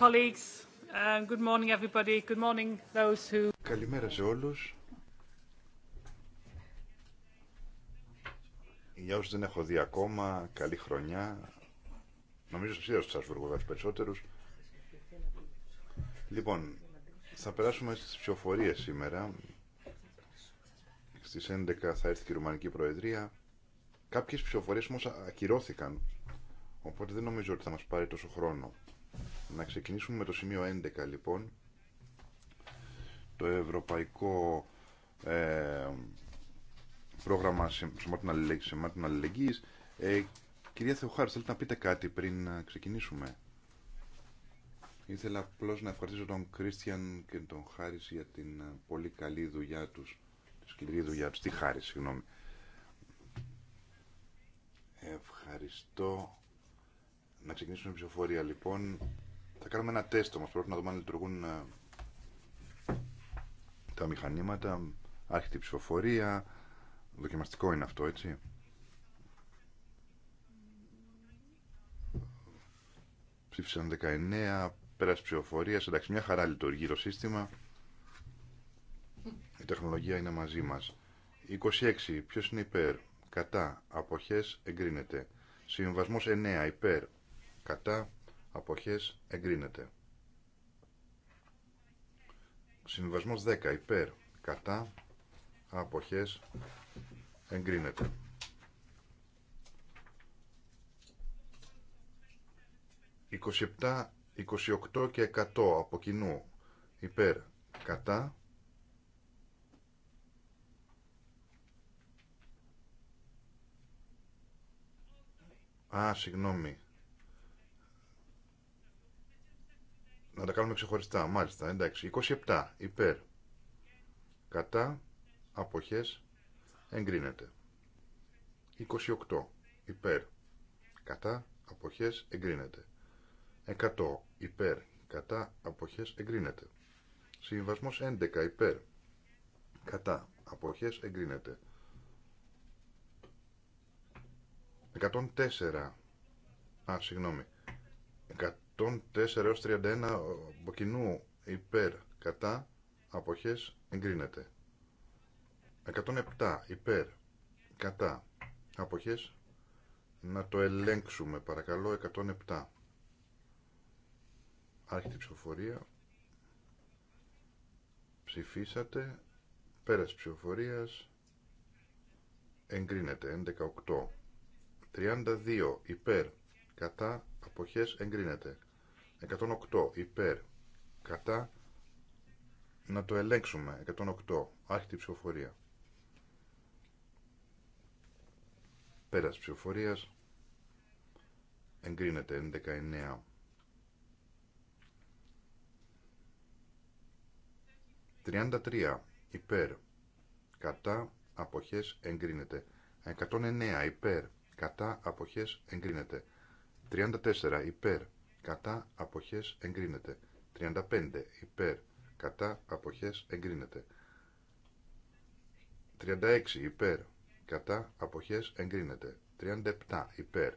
Uh, Καλημέρα σε όλους. Για όσους δεν έχω δει ακόμα, καλή χρονιά. Νομίζω σας είδα στο Σασβούργο Λοιπόν, θα περάσουμε στις ψηφοφορίες σήμερα. Στις 11 θα έρθει και η Ρουμανική Προεδρία. Κάποιες ψηφοφορίες όμως ακυρώθηκαν. Οπότε δεν νομίζω ότι θα μας πάρει τόσο χρόνο. Να ξεκινήσουμε με το σημείο 11 λοιπόν. Το Ευρωπαϊκό ε, Πρόγραμμα Σωμάτων Αλληλεγγύης. Ε, κυρία Θεοχάρη, θέλετε να πείτε κάτι πριν ξεκινήσουμε. Ήθελα απλώ να ευχαριστήσω τον Κρίστιαν και τον Χάρη για την ε, πολύ καλή δουλειά τους Τη σκληρή δουλειά του. Τη χάρη, συγγνώμη. Ευχαριστώ να ξεκινήσουμε με ψηφοφορία λοιπόν. Θα κάνουμε ένα τεστ όμως. Πρέπει να δούμε αν λειτουργούν ε, τα μηχανήματα. Άρχεται η ψηφοφορία. Δοκιμαστικό είναι αυτό έτσι. Ψήφισαν 19. Πέρασε ψηφοφορία. Εντάξει μια χαρά λειτουργεί το σύστημα. Η τεχνολογία είναι μαζί μας. 26. Ποιος είναι υπέρ. Κατά. Αποχές εγκρίνεται. Συμβασμός 9. Υπέρ κατά αποχές εγκρίνεται. Συμβασμός 10 υπέρ κατά αποχές εγκρίνεται. 27, 28 και 100 από κοινού υπέρ κατά Α, συγγνώμη. Να τα κάνουμε ξεχωριστά. Μάλιστα, εντάξει. 27 υπέρ. Κατά αποχές εγκρίνεται. 28 υπέρ. Κατά αποχές εγκρίνεται. 100 υπέρ. Κατά αποχές εγκρίνεται. Συμβασμός 11 υπέρ. Κατά αποχές εγκρίνεται. 104. Α, συγγνώμη. 4 έως 31 Μποκινού υπέρ κατά αποχές εγκρίνεται 107 υπέρ κατά αποχές να το ελέγξουμε παρακαλώ 107 άρχιτη ψηφοφορία ψηφίσατε πέρας ψηφοφορίας εγκρίνεται 11 32 υπέρ κατά αποχές εγκρίνεται 108 υπέρ κατά να το ελέγξουμε 108 άρχιτη ψηφοφορία πέρας ψηφοφορίας εγκρίνεται 19 33 υπέρ κατά αποχές εγκρίνεται 109 υπέρ κατά αποχές εγκρίνεται 34 υπέρ κατά αποχές εγκρίνεται. 35 υπέρ κατά αποχές εγκρίνεται. 36 υπέρ κατά αποχές εγκρίνεται. 37 υπέρ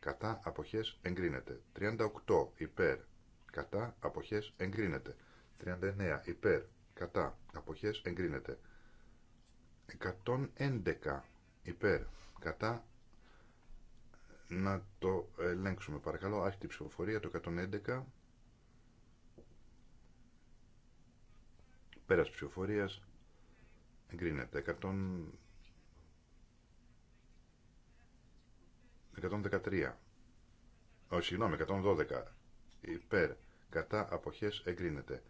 κατά αποχές εγκρίνεται. 38 υπέρ κατά αποχές εγκρίνεται. 39 υπέρ κατά αποχές εγκρίνεται. 111 υπέρ κατά να το ελέγξουμε παρακαλώ. Άρχιτη ψηφοφορία το 111. Πέρας ψηφοφορίας εγκρίνεται. 100... 113. Όχι, συγγνώμη, 112. Υπέρ. Κατά αποχές εγκρίνεται.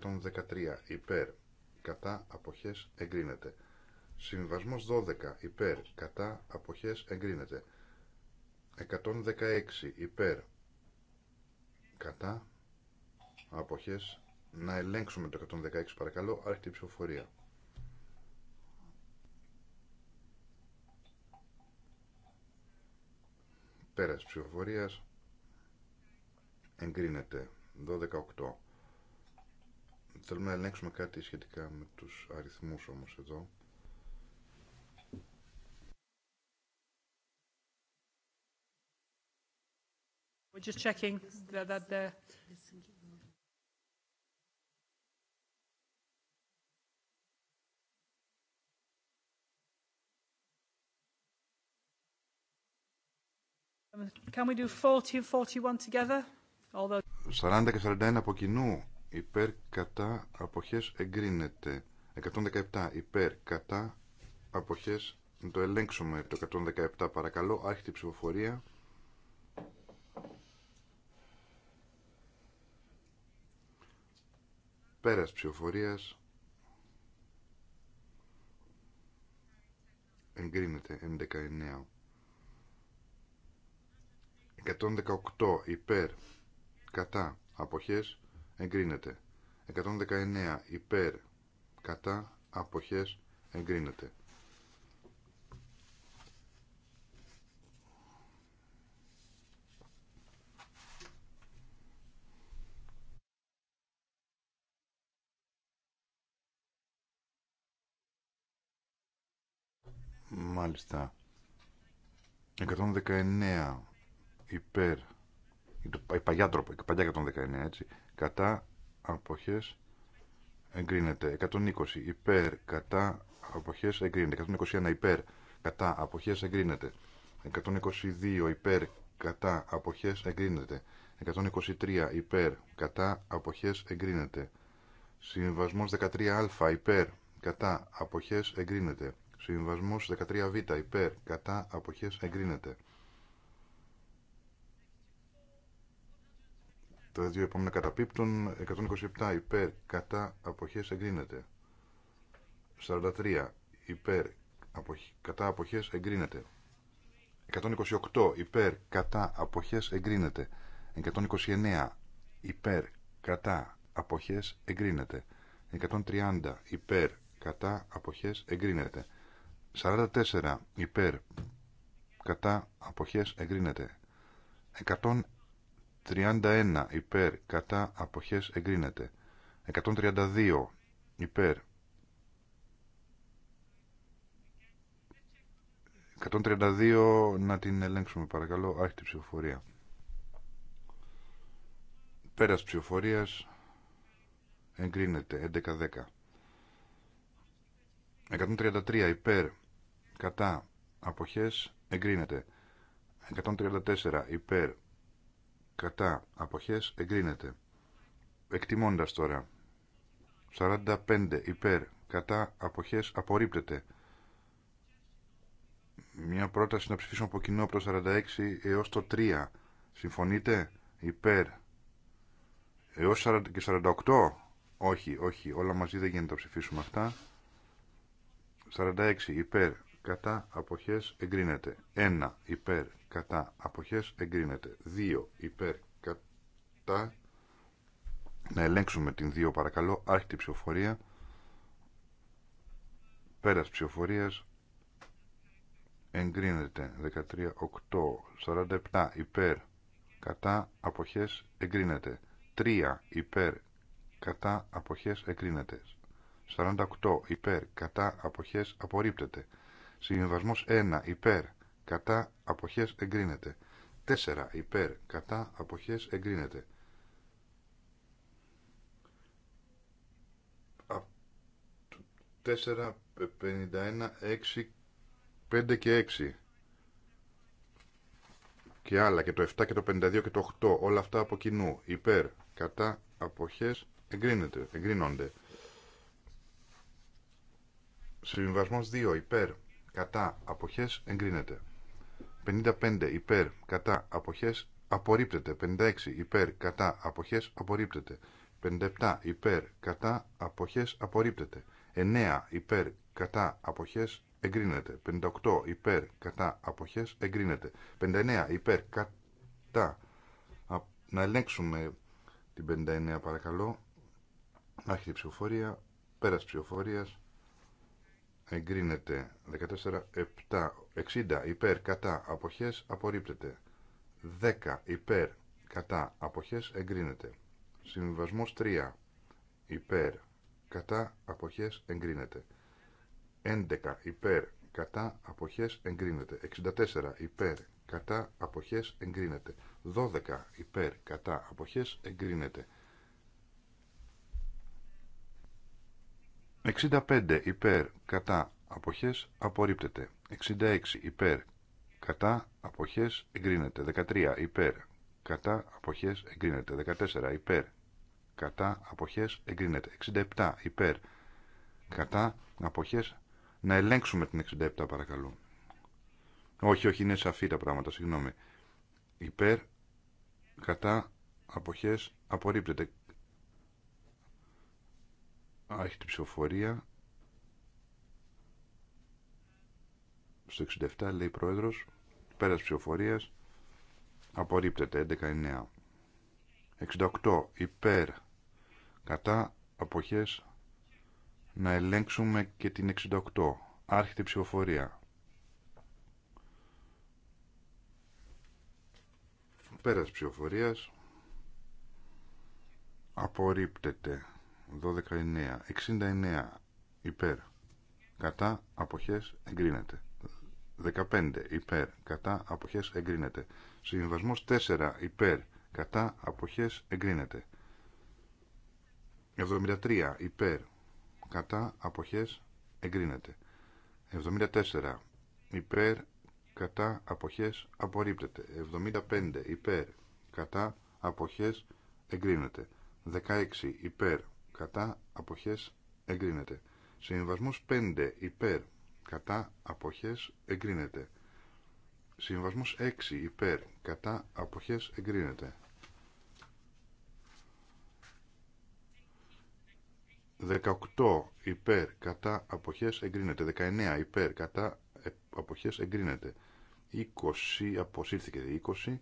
113. Υπέρ. Κατά αποχές εγκρίνεται. Συμβασμός 12. Υπέρ. Κατά αποχές εγκρίνεται. 116 υπέρ κατά αποχές να ελέγξουμε το 116 παρακαλώ άρχεται ψηφοφορία πέρας ψηφοφορίας εγκρίνεται 12-8 θέλουμε να ελέγξουμε κάτι σχετικά με τους αριθμούς όμως εδώ We're just checking that, that the Can we do 40 and 41 together? Although... 40 και 41 από κοινού υπέρ κατά αποχές εγκρίνεται. 117 υπέρ κατά αποχές. Να το ελέγξουμε το 117 παρακαλώ. Άρχεται η ψηφοφορία. Πέρας ψηφοφορίας. Εγκρίνεται. 119. 118 υπέρ κατά αποχές εγκρίνεται 119 υπέρ κατά αποχές εγκρίνεται Μάλιστα. 119 υπέρ. Η παλιά τρόπο, η παλιά 119 έτσι. Κατά αποχές εγκρίνεται. 120 υπέρ. Κατά αποχές εγκρίνεται. 121 υπέρ. Κατά αποχές εγκρίνεται. 122 υπέρ. Κατά αποχές εγκρίνεται. 123 υπέρ. Κατά αποχές εγκρίνεται. Συμβασμός 13α υπέρ. Κατά αποχές εγκρίνεται. Συμβασμό 13 13β υπέρ κατά απόχέ εγκρίνεται. Τα δύο επόμενα καταπίπτουν 127 υπέρ κατά Αποχέ. εγκρίνεται. 43 υπέρ κατά Αποχέ. εγκρίνεται. 128 υπέρ κατά Αποχέ. εγκρίνεται. 129 υπέρ κατά Αποχέ. εγκρίνεται. 130 υπέρ κατά Αποχέ. εγκρίνεται. 44 υπέρ κατά αποχές εγκρίνεται 131 υπέρ κατά αποχές εγκρίνεται 132 υπέρ 132 να την ελέγξουμε παρακαλώ άρχιτη ψηφοφορία πέρας ψηφοφορίας εγκρίνεται 11-10 133 υπέρ κατά αποχές εγκρίνεται 134 υπέρ κατά αποχές εγκρίνεται εκτιμώντας τώρα 45 υπέρ κατά αποχές απορρίπτεται μια πρόταση να ψηφίσουμε από κοινό από το 46 έως το 3 συμφωνείτε υπέρ έως και 48 όχι όχι όλα μαζί δεν γίνεται να ψηφίσουμε αυτά 46 υπέρ κατά αποχές εγκρίνεται. 1 υπέρ κατά αποχές εγκρίνεται. 2 υπέρ κατά να ελέγξουμε την 2 παρακαλώ άρχιτη ψηφοφορία πέρας ψηφοφορίας εγκρίνεται 13 8 47 υπέρ κατά αποχές εγκρίνεται 3 υπέρ κατά αποχές εγκρίνεται 48 υπέρ κατά αποχές απορρίπτεται Συμβιβασμός 1 υπέρ κατά αποχές εγκρίνεται. 4 υπέρ κατά αποχές εγκρίνεται. Α, 4, 51, 6, 5 και 6 και άλλα και το 7 και το 52 και το 8 όλα αυτά από κοινού υπέρ κατά αποχές εγκρίνονται συμβιβασμός 2 υπέρ κατά αποχές εγκρίνεται 55 υπέρ κατά αποχές απορρίπτεται 56 υπέρ κατά αποχές απορρίπτεται 57 υπέρ κατά αποχές απορρίπτεται 9 υπέρ κατά αποχές εγκρίνεται 58 υπέρ κατά αποχές εγκρίνεται 59 υπέρ κατά Α, να ελέγξουμε την 59 παρακαλώ άρχιτη ψηφοφορία πέρας ψηφοφορίας εγκρίνεται 14-7 60 υπέρ κατά αποχές απορρίπτεται 10 υπέρ κατά αποχές εγκρίνεται συμβιβασμός 3 υπέρ κατά αποχές εγκρίνεται 11 υπέρ κατά αποχές εγκρίνεται 64 υπέρ κατά αποχές εγκρίνεται 12 υπέρ κατά αποχές εγκρίνεται 65 υπέρ κατά αποχές απορρίπτεται. 66 υπέρ κατά αποχές εγκρίνεται. 13 υπέρ κατά αποχές εγκρίνεται. 14 υπέρ κατά αποχές εγκρίνεται. 67 υπέρ κατά αποχές να ελέγξουμε την 67 παρακαλώ. Όχι, όχι, είναι σαφή τα πράγματα, συγγνώμη. Υπέρ, κατά, αποχές, απορρίπτεται την ψηφοφορία στο 67 λέει πρόεδρος ψηφοφορία, ψηφοφορίας απορρίπτεται 11-9 68 υπέρ κατά αποχές να ελέγξουμε και την 68 άρχιτη ψηφοφορία πέρας ψηφοφορία, απορρίπτεται 12 69 υπέρ. Κατά αποχές εγκρίνεται. 15 υπέρ. Κατά αποχές εγκρίνεται. Συμβασμός 4 υπέρ. Κατά αποχές εγκρίνεται. 73 υπέρ. Κατά αποχές εγκρίνεται. 74 υπέρ. Κατά αποχές απορρίπτεται. 75 υπέρ. Κατά αποχές εγκρίνεται. 16 υπέρ κατά αποχές εγκρίνεται. Συμβασμός 5 υπέρ κατά αποχές εγκρίνεται. Συμβασμός 6 υπέρ κατά αποχές εγκρίνεται. 18 υπέρ κατά αποχές εγκρίνεται. 19 ε, υπέρ κατά αποχές εγκρίνεται. 20 αποσύρθηκε. 20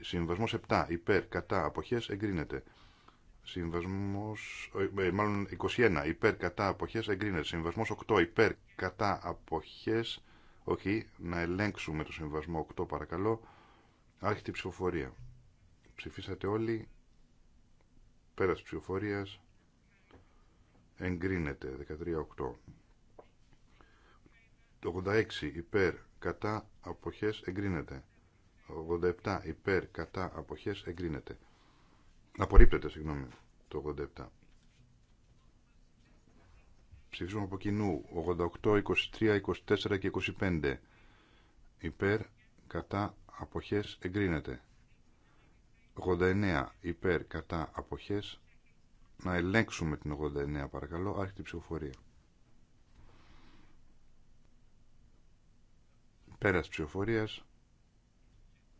Συμβασμός 7 υπέρ κατά αποχές εγκρίνεται. Συμβασμός, ε, ε, μάλλον 21 υπέρ κατά αποχές εγκρίνεται. Συμβασμός 8 υπέρ κατά αποχές, όχι, να ελέγξουμε το συμβασμό 8 παρακαλώ. Άρχεται η ψηφοφορία. Ψηφίσατε όλοι. Πέρας ψηφοφορίας εγκρίνεται 13-8. 86 υπέρ κατά αποχές εγκρίνεται. 87 υπέρ κατά αποχές εγκρίνεται. Απορρίπτεται, συγγνώμη, το 87. Ψηφίζουμε από κοινού 88, 23, 24 και 25. Υπέρ, κατά, αποχές, εγκρίνεται. 89 υπέρ κατά αποχές να ελέγξουμε την 89 παρακαλώ η ψηφοφορία πέρας ψηφοφορίας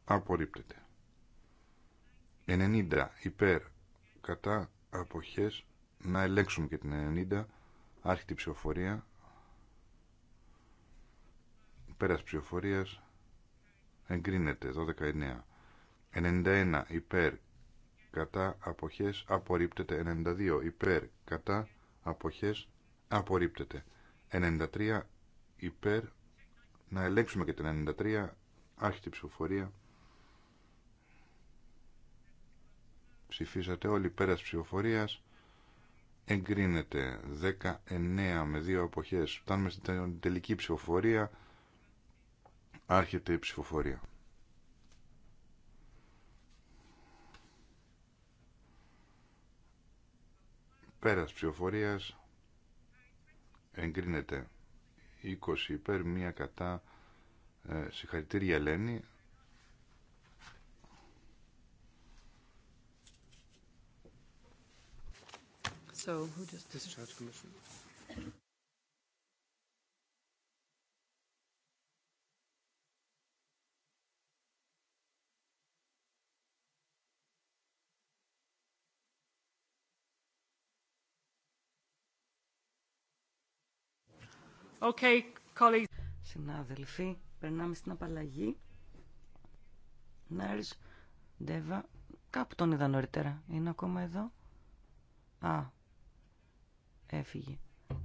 απορρίπτεται 90 υπέρ κατά αποχές να ελέγξουμε και την 90 άρχιτη ψηφοφορία πέρας ψηφοφορίας εγκρίνεται 12-9 91 υπέρ κατά αποχές απορρίπτεται 92 υπέρ κατά αποχές απορρίπτεται 93 υπέρ να ελέγξουμε και την 93 άρχιτη ψηφοφορία Ψηφίσατε όλοι πέρας ψηφοφορίας. Εγκρίνεται 19 με 2 εποχές. Φτάνουμε στην τελική ψηφοφορία. Άρχεται η ψηφοφορία. Πέρας ψηφοφορίας. Εγκρίνεται 20 υπέρ, 1 κατά. Ε, συγχαρητήρια Ελένη. So who does discharge commission? Okay, colleagues. Συνάδελφοι, περνάμε στην απαλλαγή. Νέρις, Ντέβα, κάπου τον είδα νωρίτερα. Είναι ακόμα εδώ. Α, έφυγε.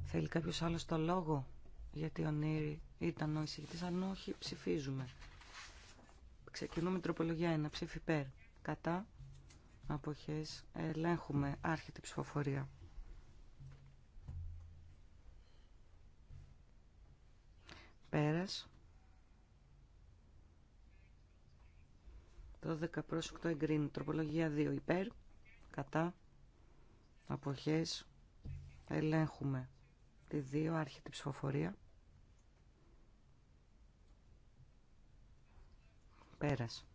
Θέλει κάποιο άλλο το λόγο, γιατί ο Νίρη ήταν ο εισηγητή. αν όχι ψηφίζουμε. Ξεκινούμε τροπολογία 1, ψήφι υπέρ. Κατά, απόχέ. ελέγχουμε, άρχεται ψηφοφορία. Πέρα. Το προς 8 εγκρίνει. Τροπολογία 2 υπέρ. Κατά. Αποχές. Ελέγχουμε τη 2, άρχιτη ψηφοφορία. Πέρας.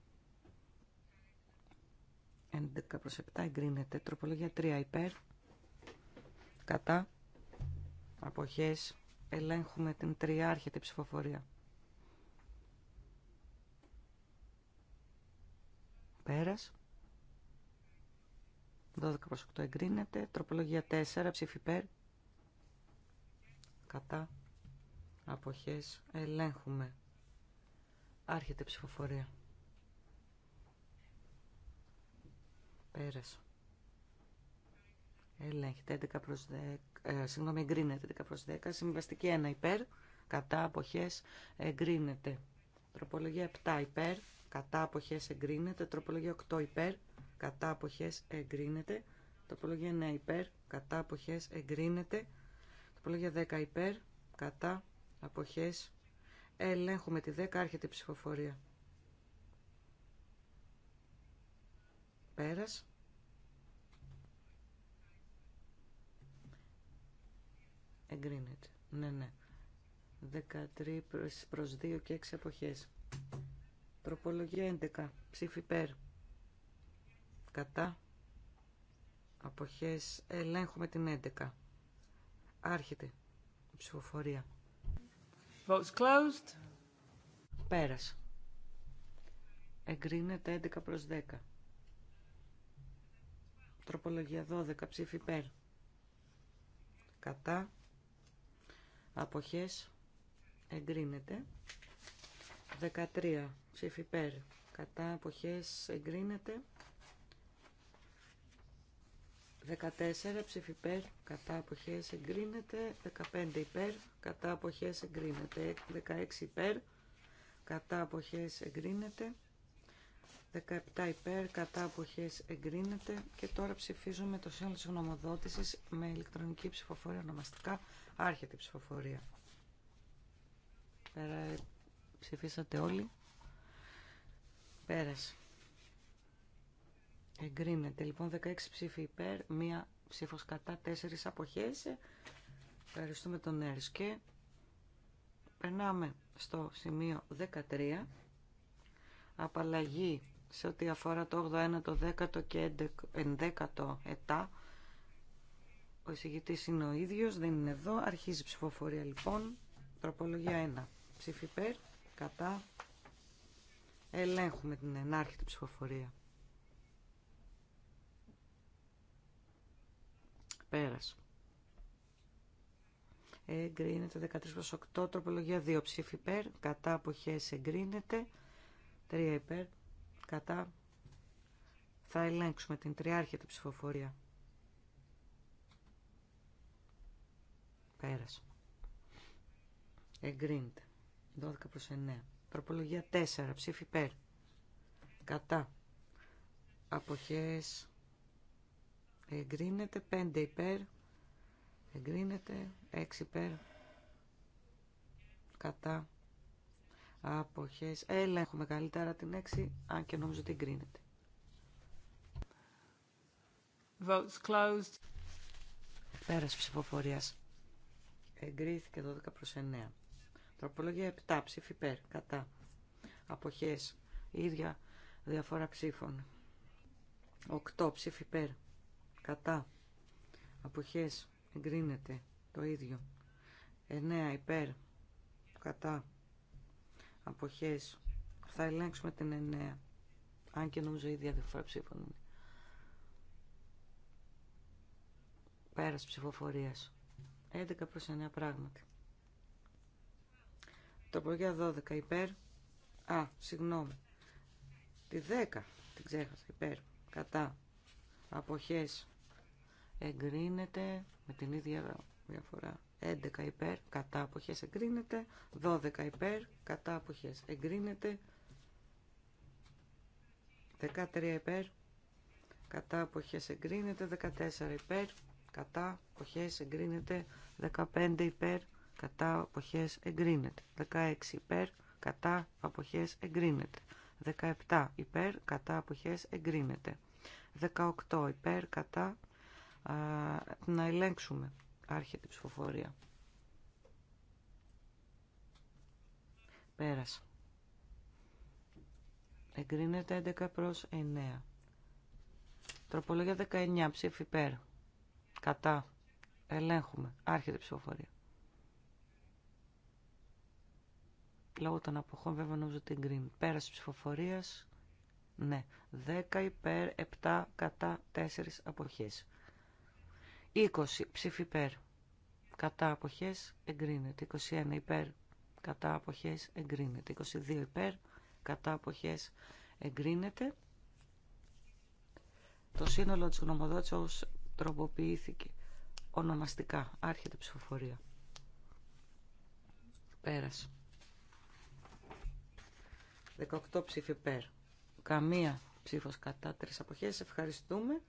11 προς 7 εγκρίνεται. Τροπολογία 3 υπέρ. Κατά. Αποχές. Ελέγχουμε την 3, ψηφοφορία. Πέρας. 12 προς 8 εγκρίνεται. Τροπολογία 4, ψήφι υπέρ. Κατά. Αποχές. Ελέγχουμε. Άρχεται ψηφοφορία. Πέρασε. Ελέγχεται 11 προς 10. Ε, συγγνώμη, εγκρίνεται 11 προς 10. Συμβαστική 1 υπέρ. Κατά. Αποχές. Εγκρίνεται. Τροπολογία 7 υπέρ. Κατά. Αποχές. Εγκρίνεται. Τροπολογία 8 υπέρ κατά αποχές εγκρίνεται. τοπολογία 9 υπέρ, κατά αποχές εγκρίνεται. Τοπολογία 10 υπέρ, κατά αποχές ελέγχουμε τη 10, άρχεται η ψηφοφορία. Πέρας. Εγκρίνεται. Ναι, ναι. 13 προς 2 και 6 αποχές. Τροπολογία 11. Ψήφι υπέρ κατά αποχές ελέγχουμε την 11 άρχεται η ψηφοφορία closed. Πέρασε. Εγκρίνεται 11 προς 10. Τροπολογία 12. Ψήφι υπέρ. Κατά. Αποχές. Εγκρίνεται. 13. Ψήφι υπέρ. Κατά. Αποχές. Εγκρίνεται. 14 ψηφιπέρ κατά αποχές εγκρίνεται. 15 υπέρ, κατά αποχές εγκρίνεται. 16 υπέρ, κατά αποχές εγκρίνεται. 17 υπέρ, κατά αποχές εγκρίνεται. Και τώρα ψηφίζουμε το σύνολο της γνωμοδότησης με ηλεκτρονική ψηφοφορία ονομαστικά. Άρχεται η ψηφοφορία. Πέρα, ψηφίσατε όλοι. Πέρασε. Εγκρίνεται λοιπόν 16 ψήφοι υπέρ, μία ψήφος κατά, τέσσερις αποχές. Ευχαριστούμε τον Έρς περνάμε στο σημείο 13. Απαλλαγή σε ό,τι αφορά το 81, το 10ο και 11ο ετά. εισηγητής είναι ίδιος, δεν είναι εδώ. Αρχίζει η ψηφοφορία λοιπόν. Τροπολογία 1. Ψήφι υπέρ, κατά. Ελέγχουμε την ενάρχητη ψηφοφορία. Πέρας. Εγκρίνεται 13 προς 8, τροπολογία 2 ψήφι υπέρ, κατά αποχές εγκρίνεται, 3 υπέρ, κατά. Θα ελέγξουμε την τριάρχη τριάρχητη ψηφοφορία. Πέρας. Εγκρίνεται. 12 προς 9. Τροπολογία 4 ψήφι υπέρ, κατά. Αποχές εγκρίνεται 5 υπέρ εγκρίνεται 6 υπέρ κατά αποχές Έλεγχο μεγαλύτερα την 6 αν και νομίζω ότι εγκρίνεται Votes closed. Πέρας ψηφοφορίας. Εγκρίθηκε 12 προς 9. Τροπολογία 7 ψήφι υπέρ, κατά. Αποχές, ίδια διαφορά ψήφων. 8 ψήφι υπέρ, κατά αποχές εγκρίνεται το ίδιο 9 υπέρ κατά αποχές θα ελέγξουμε την 9 αν και νομίζω η διαφορά ψήφων είναι πέρας ψηφοφορίας 11 προς 9 πράγματι τροπολογία 12 υπέρ α, συγγνώμη τη 10 την ξέχασα υπέρ κατά αποχές εγκρίνεται με την ίδια διαφορά. 11 υπέρ, κατά αποχές εγκρίνεται, 12 υπέρ, κατά αποχές εγκρίνεται, 13 υπέρ, κατά αποχές εγκρίνεται, 14 υπέρ, κατά αποχές εγκρίνεται, 15 υπέρ, κατά αποχές εγκρίνεται, 16 υπέρ, κατά αποχές εγκρίνεται, 17 υπέρ, κατά αποχές εγκρίνεται, 18 υπέρ, κατά Α, να ελέγξουμε. Άρχεται η ψηφοφορία. Πέρασε. Εγκρίνεται 11 προς 9. Τροπολογία 19. Ψήφι υπέρ. Κατά. Ελέγχουμε. Άρχεται ψηφοφορία. Λόγω των αποχών βέβαια νομίζω ότι εγκρίνει. Πέρασε ψηφοφορίας. Ναι. 10 υπέρ 7 κατά 4 αποχές. 20 ψήφι υπέρ. Κατά αποχές εγκρίνεται. 21 υπέρ. Κατά αποχές εγκρίνεται. 22 υπέρ. Κατά αποχές εγκρίνεται. Το σύνολο της γνωμοδότησης όπως τροποποιήθηκε ονομαστικά. Άρχεται ψηφοφορία. Πέρασε. 18 ψήφι υπέρ. Καμία ψήφος κατά τρεις αποχές. Ευχαριστούμε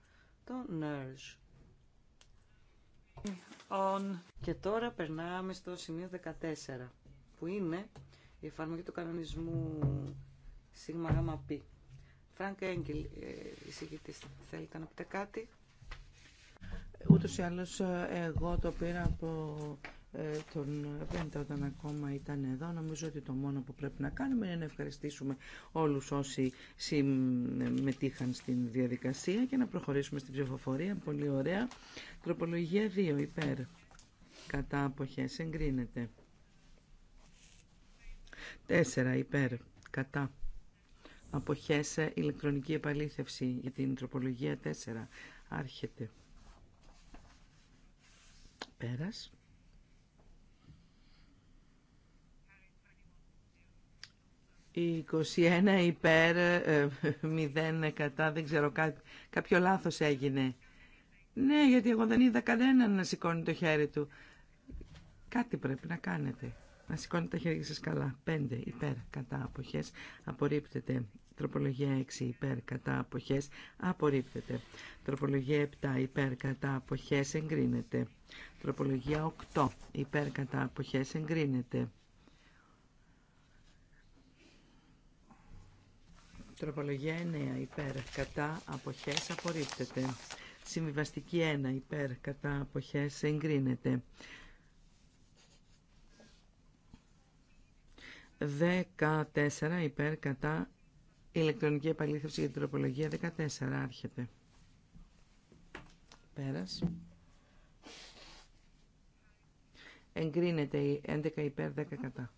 τον Νέρζ. Και τώρα περνάμε στο σημείο 14, που είναι η εφαρμογή του κανονισμού ΣΓΜΠ. Φρανκ Έγκελ, ε, εισηγητής, θέλετε να πείτε κάτι. Ούτως ή άλλως ε, εγώ το πήρα από ε, τον Βέντα όταν ακόμα ήταν εδώ. Νομίζω ότι το μόνο που πρέπει να κάνουμε είναι να ευχαριστήσουμε όλους όσοι συμμετείχαν στην διαδικασία και να προχωρήσουμε στην ψηφοφορία. Πολύ ωραία. Τροπολογία 2 υπέρ. Κατά αποχές εγκρίνεται. 4 υπέρ. Κατά. Αποχές ηλεκτρονική επαλήθευση για την τροπολογία 4. Άρχεται. Πέρας. 21 υπέρ, 0 ε, κατά, δεν ξέρω κάτι. Κάποιο λάθος έγινε. Ναι, γιατί εγώ δεν είδα κανέναν να σηκώνει το χέρι του. Κάτι πρέπει να κάνετε. Να σηκώνετε τα χέρια σας καλά. 5 υπέρ, κατά, αποχές. Απορρίπτεται. Τροπολογία 6 υπέρ, κατά, αποχές. Απορρίπτεται. Τροπολογία 7 υπέρ, κατά, αποχές. Εγκρίνεται. Τροπολογία 8 υπέρ, κατά, αποχές. Εγκρίνεται. Τροπολογία 9 υπέρ κατά αποχές απορρίπτεται. Συμβιβαστική 1 υπέρ κατά αποχές εγκρίνεται. 14 υπέρ κατά ηλεκτρονική επαλήθευση για την τροπολογία 14 άρχεται. Πέρας. Εγκρίνεται η 11 υπέρ 10 κατά.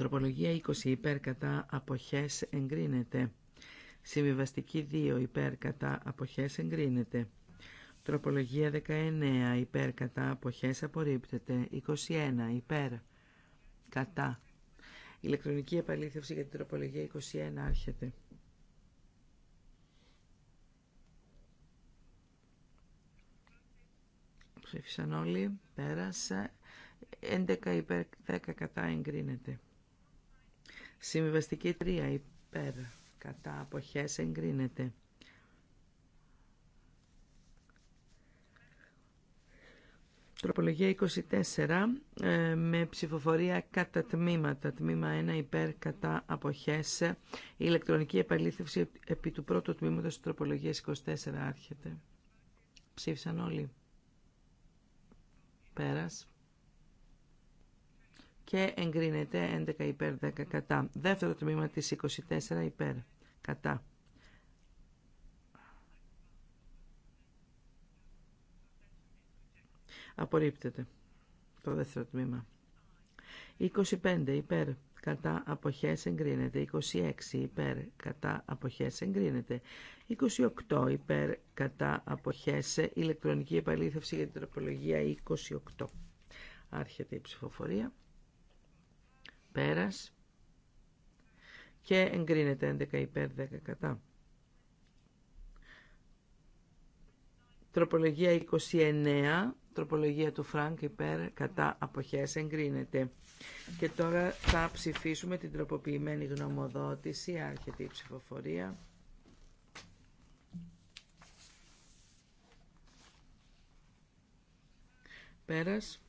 Τροπολογία 20 υπέρ κατά αποχές εγκρίνεται. Συμβιβαστική 2 υπέρ κατά αποχές εγκρίνεται. Τροπολογία 19 υπέρ κατά αποχές απορρίπτεται. 21 υπέρ κατά. Ηλεκτρονική επαλήθευση για την τροπολογία 21 άρχεται. Ψήφισαν όλοι, πέρασε. 11 υπέρ 10 κατά εγκρίνεται. Συμβιβαστική τρία υπέρ κατά αποχές εγκρίνεται. Τροπολογία 24 ε, με ψηφοφορία κατά τμήματα. Τμήμα 1 υπέρ κατά αποχές. Η ηλεκτρονική επαλήθευση επί του πρώτου τμήματος της τροπολογίας 24 άρχεται. Ψήφισαν όλοι. Πέρας και εγκρίνεται 11 υπέρ 10 κατά. Δεύτερο τμήμα της 24 υπέρ κατά. Απορρίπτεται το δεύτερο τμήμα. 25 υπέρ κατά αποχές εγκρίνεται. 26 υπέρ κατά αποχές εγκρίνεται. 28 υπέρ κατά αποχές ηλεκτρονική επαλήθευση για την τροπολογία 28. Άρχεται η ψηφοφορία. Πέρας. Και εγκρίνεται 11 υπέρ 10 κατά. Τροπολογία 29, τροπολογία του Φρανκ υπέρ κατά αποχές εγκρίνεται. Και τώρα θα ψηφίσουμε την τροποποιημένη γνωμοδότηση, άρχεται η ψηφοφορία. Πέρας.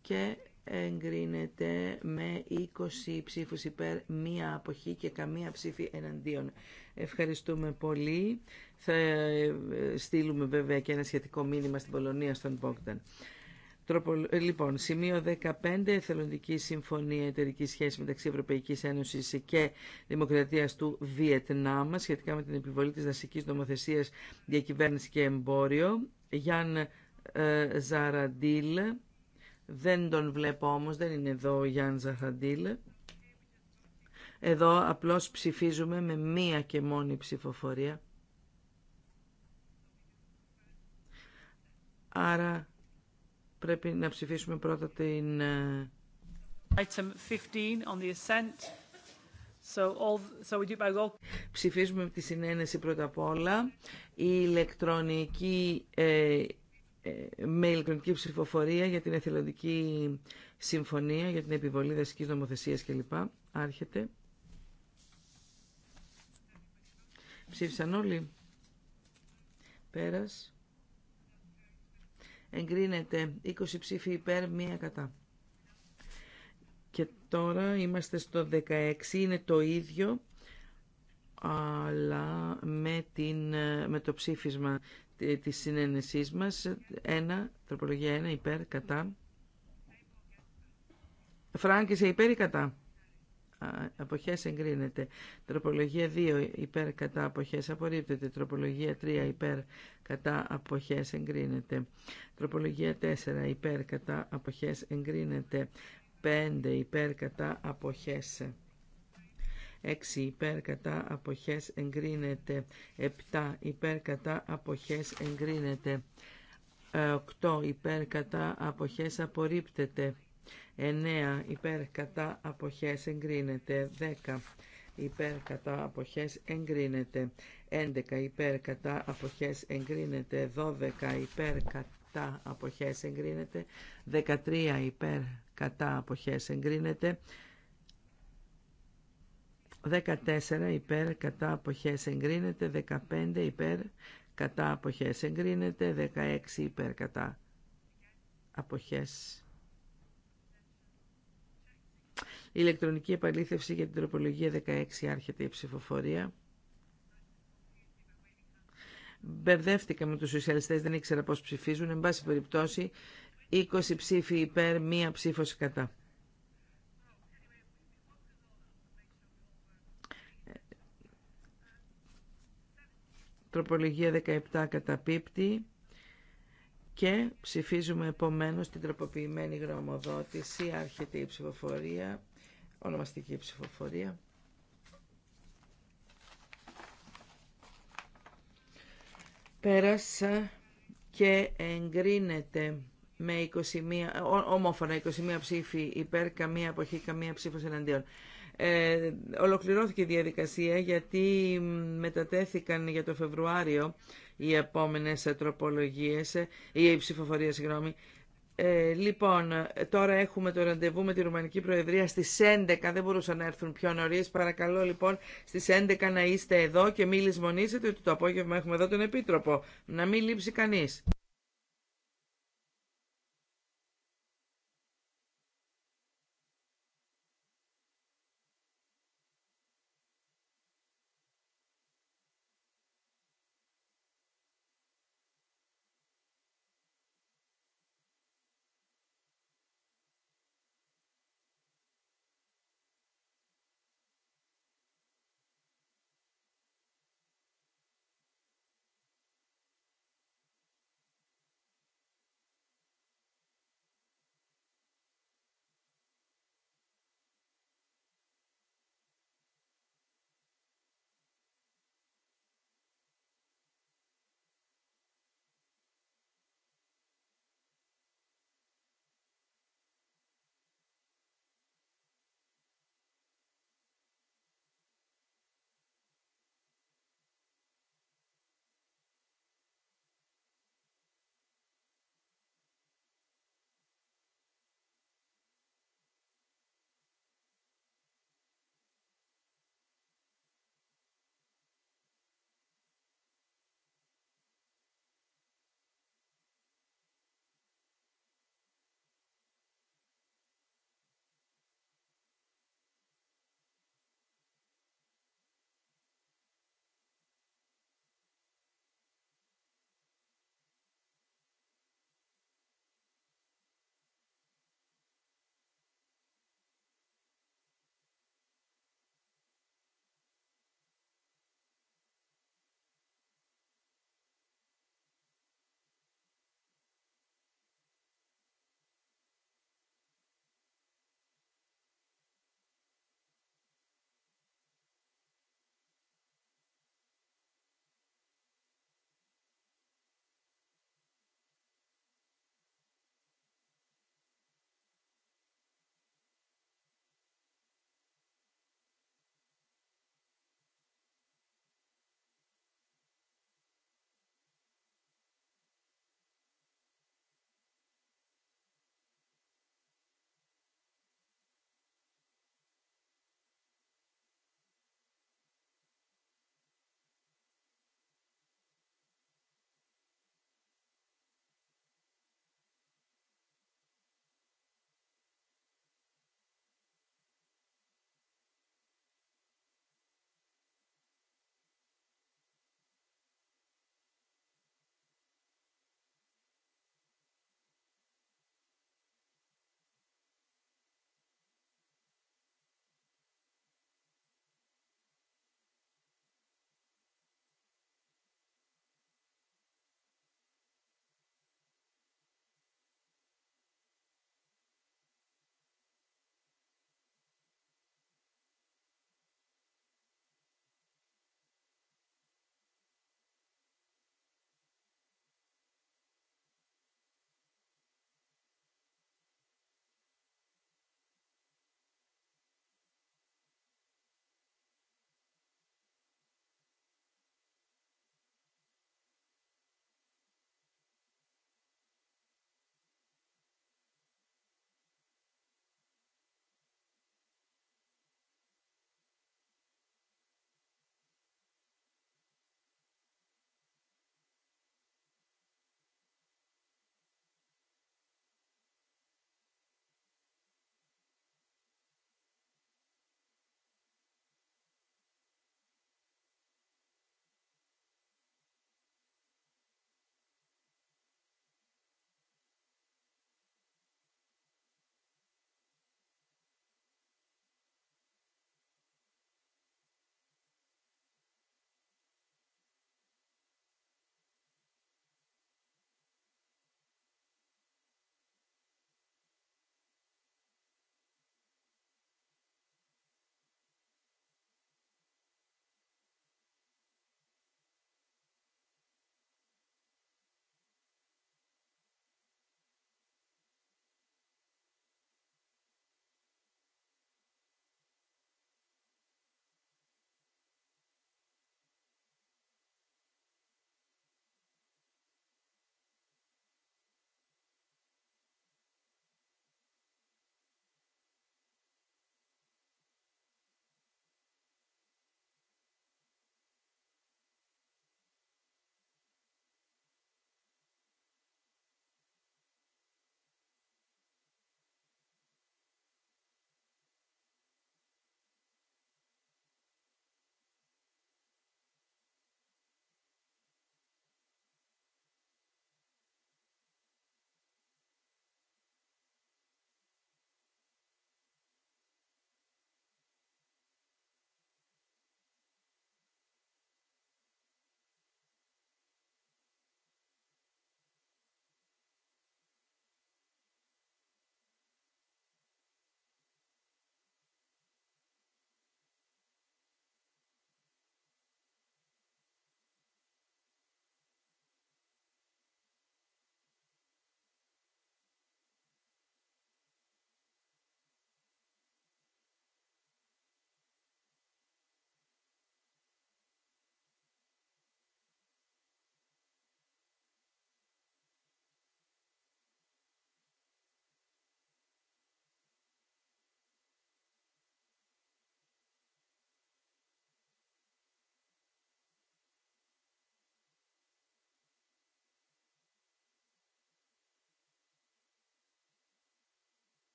Και εγκρίνεται με 20 ψήφους υπέρ, μία αποχή και καμία ψήφη εναντίον. Ευχαριστούμε πολύ. Θα ε, στείλουμε βέβαια και ένα σχετικό μήνυμα στην Πολωνία στον Πόγκταν. Ε, λοιπόν, σημείο 15, εθελοντική συμφωνία εταιρική σχέση μεταξύ Ευρωπαϊκή Ένωση και Δημοκρατία του Βιετνάμ σχετικά με την επιβολή τη δασική νομοθεσία κυβέρνηση και εμπόριο. Γιάνν ε, Ζαραντήλ, δεν τον βλέπω όμως, δεν είναι εδώ ο Γιάννη Ζαχαντήλ. Εδώ απλώς ψηφίζουμε με μία και μόνη ψηφοφορία. Άρα πρέπει να ψηφίσουμε πρώτα την... Ε, Item 15 on the ascent. So all, so we do by Ψηφίζουμε τη συνένεση πρώτα απ' όλα. Η ηλεκτρονική ε, με ηλεκτρονική ψηφοφορία για την εθελοντική συμφωνία, για την επιβολή δασικής νομοθεσίας κλπ. Άρχεται. Ψήφισαν όλοι. Πέρας. Εγκρίνεται 20 ψήφοι υπέρ, μία κατά. Και τώρα είμαστε στο 16, είναι το ίδιο, αλλά με, την, με το ψήφισμα της συνένεσή μας. Ένα, τροπολογία 1, υπέρ, κατά. Φράγκησε υπέρ ή κατά. Αποχές εγκρίνεται. Τροπολογία 2 υπέρ κατά αποχές απορρίπτεται. Τροπολογία 3 υπέρ κατά αποχές εγκρίνεται. Τροπολογία 4 υπέρ κατά αποχές εγκρίνεται. 5 υπέρ κατά αποχές 6 υπέρ κατά αποχές εγκρίνεται. 7 υπέρ κατά αποχές εγκρίνεται. 8 ε, υπέρ κατά αποχές απορρίπτεται. 9 υπέρ κατά αποχές εγκρίνεται. 10 υπέρ κατά αποχές εγκρίνεται. 11 υπέρ κατά αποχές εγκρίνεται. 12 υπέρ κατά αποχές εγκρίνεται. 13 υπέρ κατά αποχές εγκρίνεται. 14 υπέρ κατά αποχές εγκρίνεται, 15 υπέρ κατά αποχές εγκρίνεται, 16 υπέρ κατά αποχές. Ηλεκτρονική επαλήθευση για την τροπολογία 16 άρχεται η ψηφοφορία. Μπερδεύτηκα με τους σοσιαλιστές, δεν ήξερα πώς ψηφίζουν. Εν πάση περιπτώσει, 20 ψήφοι υπέρ, μία ψήφος κατά. Τροπολογία 17 καταπίπτει και ψηφίζουμε επομένως την τροποποιημένη γραμμοδότηση, άρχεται η ψηφοφορία, ονομαστική ψηφοφορία. Πέρασα και εγκρίνεται με 21, ομόφωνα 21 ψήφοι υπέρ, καμία αποχή, καμία ψήφος εναντίον. Ε, ολοκληρώθηκε η διαδικασία γιατί μετατέθηκαν για το Φεβρουάριο οι επόμενες τροπολογίες, ή ε, η ψηφοφορία, συγγνώμη. Ε, λοιπόν, τώρα έχουμε το ραντεβού με τη Ρουμανική Προεδρία στις 11. Δεν μπορούσαν να έρθουν πιο νωρί. Παρακαλώ λοιπόν στις 11 να είστε εδώ και μην λησμονήσετε ότι το απόγευμα έχουμε εδώ τον Επίτροπο. Να μην λείψει κανείς.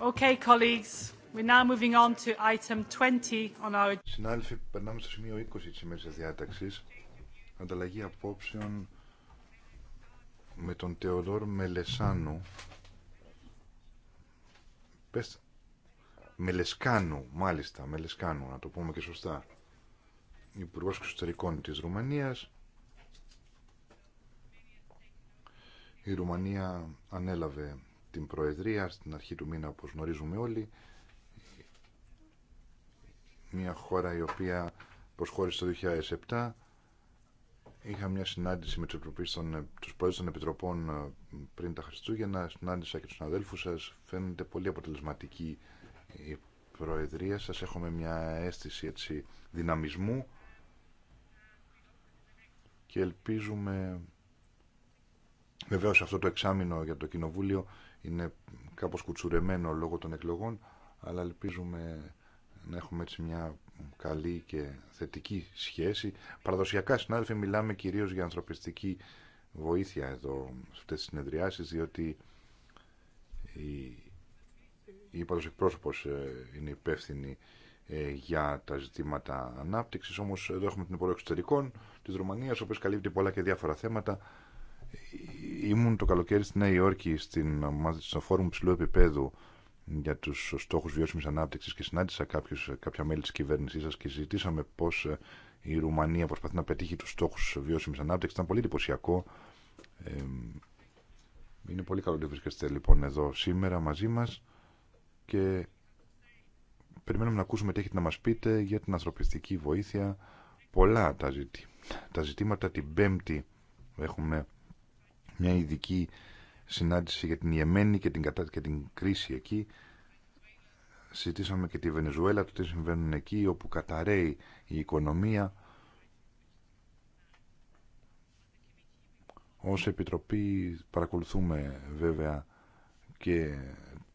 Okay, colleagues. We're now moving on to item 20 on our... Συνάδελφοι, περνάμε στο σημείο 20 της ημέρας διάταξης. Ανταλλαγή απόψεων με τον Τεοδόρ Μελεσάνου. Πες, Μελεσκάνου, μάλιστα, Μελεσκάνου, να το πούμε και σωστά. Υπουργό Εξωτερικών της Ρουμανίας. Η Ρουμανία ανέλαβε την Προεδρία στην αρχή του μήνα όπως γνωρίζουμε όλοι μια χώρα η οποία προσχώρησε το 2007 είχα μια συνάντηση με τους, τους πρόεδρους των Επιτροπών ε, πριν τα Χριστούγεννα συνάντησα και τους αδέλφους σας φαίνεται πολύ αποτελεσματική η Προεδρία σας έχουμε μια αίσθηση έτσι, δυναμισμού και ελπίζουμε βεβαίως αυτό το εξάμεινο για το Κοινοβούλιο είναι κάπως κουτσουρεμένο λόγω των εκλογών, αλλά ελπίζουμε να έχουμε έτσι μια καλή και θετική σχέση. Παραδοσιακά, συνάδελφοι, μιλάμε κυρίως για ανθρωπιστική βοήθεια εδώ σε αυτές τις συνεδριάσεις, διότι η, η εκπρόσωπος ε, είναι υπεύθυνη ε, για τα ζητήματα ανάπτυξης. Όμω εδώ έχουμε την υπόλοιπη εξωτερικών της Ρουμανίας, ο καλύπτει πολλά και διάφορα θέματα. Ήμουν το καλοκαίρι στη Νέα Υόρκη στην, στο φόρουμ ψηλού επίπεδου για του στόχου βιώσιμη ανάπτυξη και συνάντησα κάποιους, κάποια μέλη τη κυβέρνησή σα και συζητήσαμε πω ε, η Ρουμανία προσπαθεί να πετύχει του στόχου βιώσιμη ανάπτυξη, Ήταν πολύ εντυπωσιακό. Ε, είναι πολύ καλό ότι βρίσκεστε λοιπόν εδώ σήμερα μαζί μα και περιμένουμε να ακούσουμε τι έχετε να μα πείτε για την ανθρωπιστική βοήθεια. Πολλά τα, ζητή, τα ζητήματα την Πέμπτη έχουμε μια ειδική συνάντηση για την Ιεμένη και την, κατά... και την κρίση εκεί. Συζητήσαμε και τη Βενεζουέλα, το τι συμβαίνουν εκεί, όπου καταραίει η οικονομία. Ως Επιτροπή παρακολουθούμε βέβαια και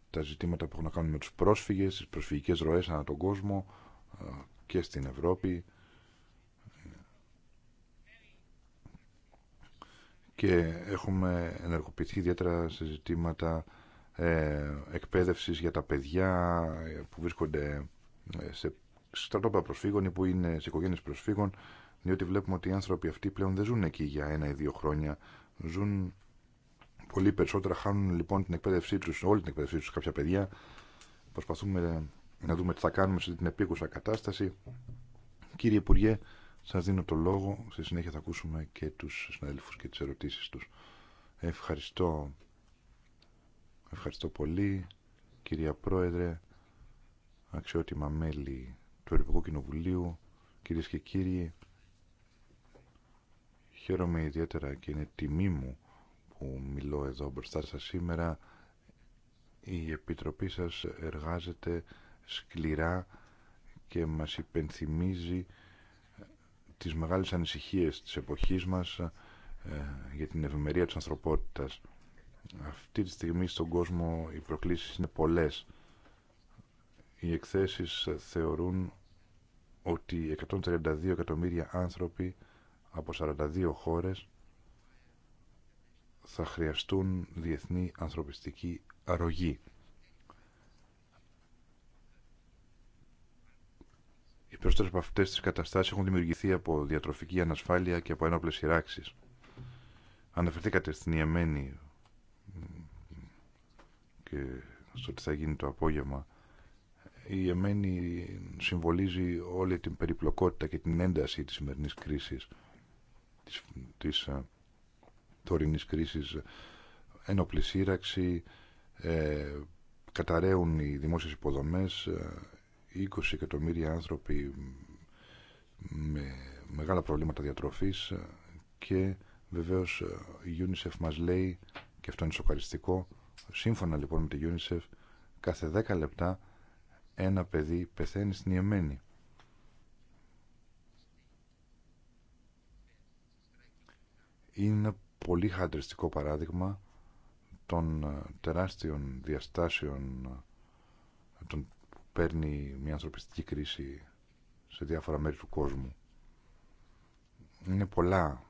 τα ζητήματα που έχουν να κάνουν με τους πρόσφυγες, τις προσφυγικές ροές ανά τον κόσμο ε, και στην Ευρώπη. και έχουμε ενεργοποιηθεί ιδιαίτερα σε ζητήματα ε, εκπαίδευσης για τα παιδιά ε, που βρίσκονται ε, σε στρατόπεδα προσφύγων ή που είναι σε οικογένειες προσφύγων διότι βλέπουμε ότι οι άνθρωποι αυτοί πλέον δεν ζουν εκεί για ένα ή δύο χρόνια ζουν πολύ περισσότερα χάνουν λοιπόν την εκπαίδευσή τους όλη την εκπαίδευσή τους κάποια παιδιά προσπαθούμε να δούμε τι θα κάνουμε σε την επίκουσα κατάσταση κύριε Υπουργέ σας δίνω το λόγο. Στη συνέχεια θα ακούσουμε και τους συναδέλφους και τις ερωτήσεις τους. Ευχαριστώ. Ευχαριστώ πολύ, κυρία Πρόεδρε, αξιότιμα μέλη του Ευρωπαϊκού Κοινοβουλίου, κυρίες και κύριοι. Χαίρομαι ιδιαίτερα και είναι τιμή μου που μιλώ εδώ μπροστά σας σήμερα. Η Επιτροπή σας εργάζεται σκληρά και μας υπενθυμίζει τις μεγάλες ανησυχίες της εποχής μας ε, για την ευημερία της ανθρωπότητας. Αυτή τη στιγμή στον κόσμο οι προκλήσεις είναι πολλές. Οι εκθέσεις θεωρούν ότι 132 εκατομμύρια άνθρωποι από 42 χώρες θα χρειαστούν διεθνή ανθρωπιστική αρρωγή. περισσότερε από αυτέ τι καταστάσει έχουν δημιουργηθεί από διατροφική ανασφάλεια και από ένοπλε σειράξει. Αναφερθήκατε στην Ιεμένη και στο τι θα γίνει το απόγευμα. Η Ιεμένη συμβολίζει όλη την περιπλοκότητα και την ένταση της σημερινής κρίσης, της, της κρίση ε, κρίσης, ε, ένοπλη σύραξη, ε, καταραίουν οι δημόσιες υποδομές, 20 εκατομμύρια άνθρωποι με μεγάλα προβλήματα διατροφής και βεβαίως ε, η UNICEF μας λέει και αυτό είναι σοκαριστικό σύμφωνα λοιπόν με τη UNICEF κάθε 10 λεπτά ένα παιδί πεθαίνει στην Ιεμένη είναι πολύ χαρακτηριστικό παράδειγμα των ε, τεράστιων διαστάσεων ε, των παίρνει μια ανθρωπιστική κρίση σε διάφορα μέρη του κόσμου. Είναι πολλά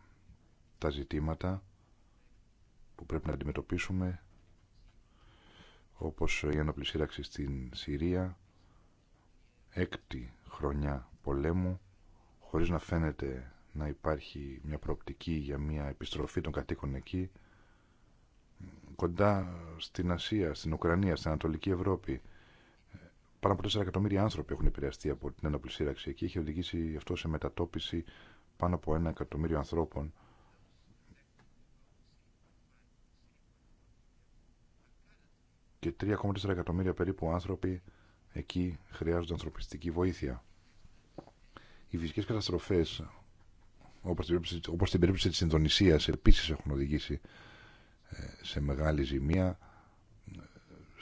τα ζητήματα που πρέπει να αντιμετωπίσουμε όπως η ένοπλη στην Συρία έκτη χρονιά πολέμου χωρίς να φαίνεται να υπάρχει μια προοπτική για μια επιστροφή των κατοίκων εκεί κοντά στην Ασία, στην Ουκρανία, στην Ανατολική Ευρώπη πάνω από 4 εκατομμύρια άνθρωποι έχουν επηρεαστεί από την ένοπλη σύραξη εκεί. Έχει οδηγήσει αυτό σε μετατόπιση πάνω από 1 εκατομμύριο ανθρώπων. Και 3,4 εκατομμύρια περίπου άνθρωποι εκεί χρειάζονται ανθρωπιστική βοήθεια. Οι φυσικέ καταστροφέ, όπω στην περίπτωση, τη Ινδονησία, επίση έχουν οδηγήσει ε, σε μεγάλη ζημία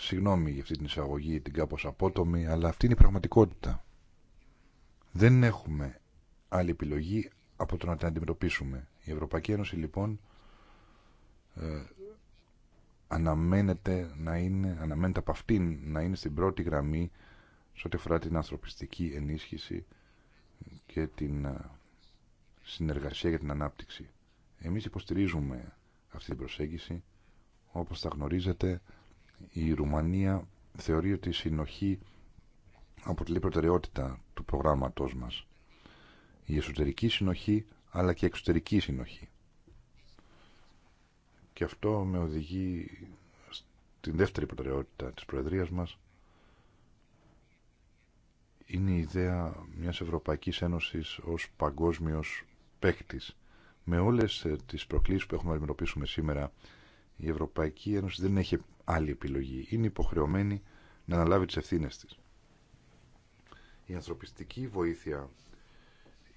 Συγγνώμη για αυτή την εισαγωγή, την κάπως απότομη, αλλά αυτή είναι η πραγματικότητα. Δεν έχουμε άλλη επιλογή από το να την αντιμετωπίσουμε. Η Ευρωπαϊκή Ένωση λοιπόν ε, αναμένεται, να είναι, αναμένεται από αυτήν να είναι στην πρώτη γραμμή σε ό,τι αφορά την ανθρωπιστική ενίσχυση και την ε, συνεργασία για την ανάπτυξη. Εμείς υποστηρίζουμε αυτή την προσέγγιση. Όπως τα γνωρίζετε, η Ρουμανία θεωρεί ότι η συνοχή αποτελεί προτεραιότητα του προγράμματός μας. Η εσωτερική συνοχή αλλά και η εξωτερική συνοχή. Και αυτό με οδηγεί στην δεύτερη προτεραιότητα της Προεδρίας μας. Είναι η ιδέα μιας Ευρωπαϊκής Ένωσης ως παγκόσμιος παίκτης. Με όλες ε, τις προκλήσεις που έχουμε να αντιμετωπίσουμε σήμερα η Ευρωπαϊκή Ένωση δεν έχει άλλη επιλογή. Είναι υποχρεωμένη να αναλάβει τις ευθύνες της. Η ανθρωπιστική βοήθεια,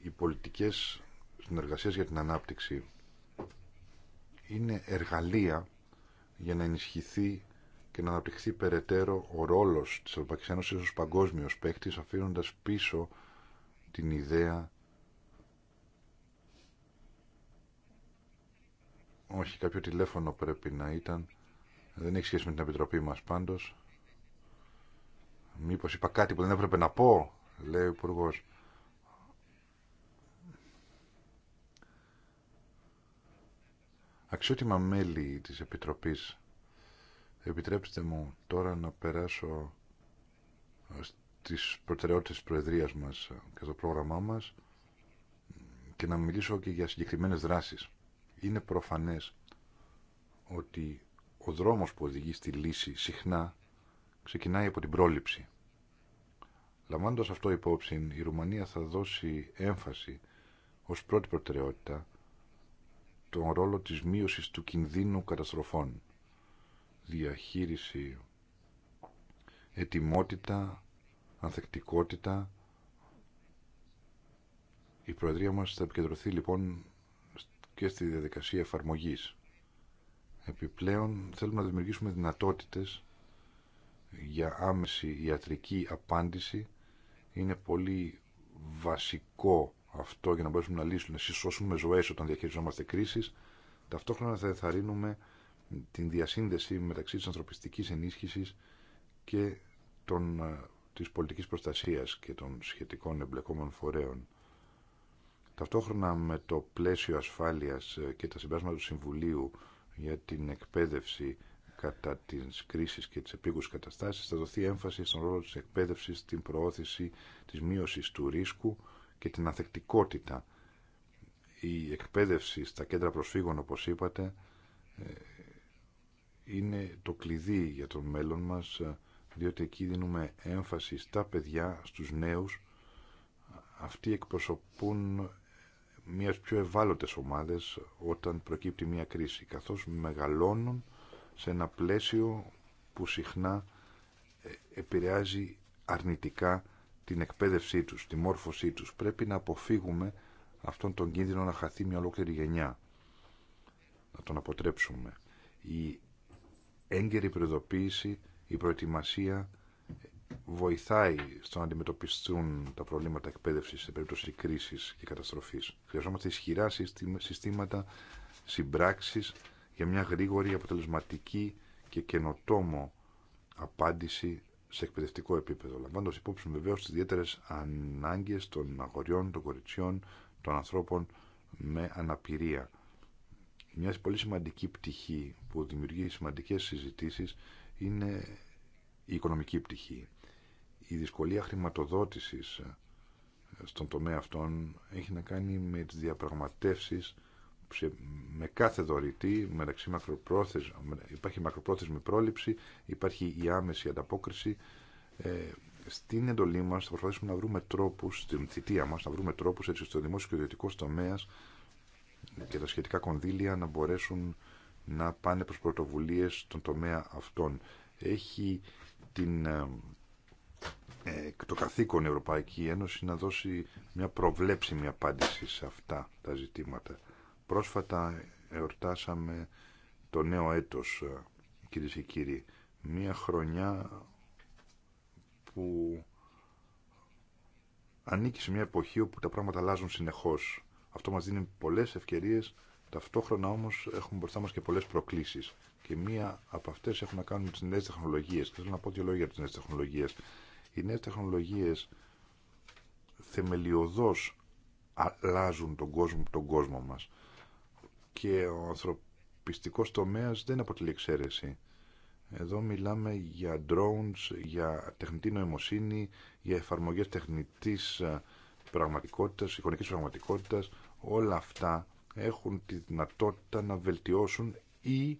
οι πολιτικές συνεργασίες για την ανάπτυξη είναι εργαλεία για να ενισχυθεί και να αναπτυχθεί περαιτέρω ο ρόλος της Ευρωπαϊκής Ένωσης ως παγκόσμιος παίκτη, αφήνοντας πίσω την ιδέα Όχι, κάποιο τηλέφωνο πρέπει να ήταν. Δεν έχει σχέση με την Επιτροπή μας πάντω. Μήπως είπα κάτι που δεν έπρεπε να πω, λέει ο υπουργό. Αξιότιμα μέλη της Επιτροπής, επιτρέψτε μου τώρα να περάσω στις προτεραιότητες της Προεδρίας μας και το πρόγραμμά μας και να μιλήσω και για συγκεκριμένες δράσεις είναι προφανές ότι ο δρόμος που οδηγεί στη λύση συχνά ξεκινάει από την πρόληψη. Λαμβάνοντας αυτό υπόψη, η Ρουμανία θα δώσει έμφαση ως πρώτη προτεραιότητα τον ρόλο της μείωσης του κινδύνου καταστροφών. Διαχείριση, ετοιμότητα, ανθεκτικότητα. Η Προεδρία μας θα επικεντρωθεί λοιπόν και στη διαδικασία εφαρμογής. Επιπλέον θέλουμε να δημιουργήσουμε δυνατότητες για άμεση ιατρική απάντηση. Είναι πολύ βασικό αυτό για να μπορέσουμε να λύσουμε, να συσσώσουμε ζωές όταν διαχειριζόμαστε κρίσεις. Ταυτόχρονα θα εθαρρύνουμε την διασύνδεση μεταξύ της ανθρωπιστικής ενίσχυσης και των, ε, της πολιτικής προστασίας και των σχετικών εμπλεκόμενων φορέων. Ταυτόχρονα με το πλαίσιο ασφάλειας ε, και τα συμπράσματα του Συμβουλίου για την εκπαίδευση κατά της κρίσεις και τις επίγουσες καταστάσεις θα δοθεί έμφαση στον ρόλο της εκπαίδευσης, στην προώθηση της μείωσης του ρίσκου και την αθεκτικότητα. Η εκπαίδευση στα κέντρα προσφύγων, όπως είπατε, ε, είναι το κλειδί για τον μέλλον μας, ε, διότι εκεί δίνουμε έμφαση στα παιδιά, στους νέους. Αυτοί εκπροσωπούν μιας πιο ευάλωτες ομάδες όταν προκύπτει μια κρίση, καθώς μεγαλώνουν σε ένα πλαίσιο που συχνά ε, επηρεάζει αρνητικά την εκπαίδευσή τους, τη μόρφωσή τους. Πρέπει να αποφύγουμε αυτόν τον κίνδυνο να χαθεί μια ολόκληρη γενιά. Να τον αποτρέψουμε. Η έγκαιρη προειδοποίηση, η προετοιμασία βοηθάει στο να αντιμετωπιστούν τα προβλήματα εκπαίδευση σε περίπτωση κρίση και καταστροφή. Χρειαζόμαστε ισχυρά συστήματα συμπράξει για μια γρήγορη, αποτελεσματική και καινοτόμο απάντηση σε εκπαιδευτικό επίπεδο. Λαμβάνοντα υπόψη βεβαίω τι ιδιαίτερε ανάγκε των αγοριών, των κοριτσιών, των ανθρώπων με αναπηρία. Μια πολύ σημαντική πτυχή που δημιουργεί σημαντικέ συζητήσει είναι η οικονομική πτυχή η δυσκολία χρηματοδότησης ε, στον τομέα αυτών έχει να κάνει με τις διαπραγματεύσεις με κάθε δωρητή, μεταξύ υπάρχει μακροπρόθεσμη πρόληψη, υπάρχει η άμεση ανταπόκριση. Ε, στην εντολή μας θα προσπαθήσουμε να βρούμε τρόπους, στην θητεία μας, να βρούμε τρόπους έτσι στο δημόσιο και ιδιωτικό τομέα και τα σχετικά κονδύλια να μπορέσουν να πάνε προς πρωτοβουλίες στον τομέα αυτών. Έχει την ε, ε, το καθήκον Ευρωπαϊκή Ένωση να δώσει μια προβλέψιμη απάντηση σε αυτά τα ζητήματα. Πρόσφατα εορτάσαμε το νέο έτος, ε, κυρίε και κύριοι, μια χρονιά που ανήκει σε μια εποχή όπου τα πράγματα αλλάζουν συνεχώς. Αυτό μας δίνει πολλές ευκαιρίες, ταυτόχρονα όμως έχουμε μπροστά μας και πολλές προκλήσεις. Και μία από αυτές έχουν να κάνουν με τις νέες τεχνολογίες. θέλω να πω δύο λόγια για τις νέες τεχνολογίες. Οι νέες τεχνολογίες θεμελιωδώς αλλάζουν τον κόσμο, τον κόσμο μας και ο ανθρωπιστικός τομέας δεν αποτελεί εξαίρεση. Εδώ μιλάμε για drones, για τεχνητή νοημοσύνη, για εφαρμογές τεχνητής ε, πραγματικότητας, εικονικής πραγματικότητας. Όλα αυτά έχουν τη δυνατότητα να βελτιώσουν ή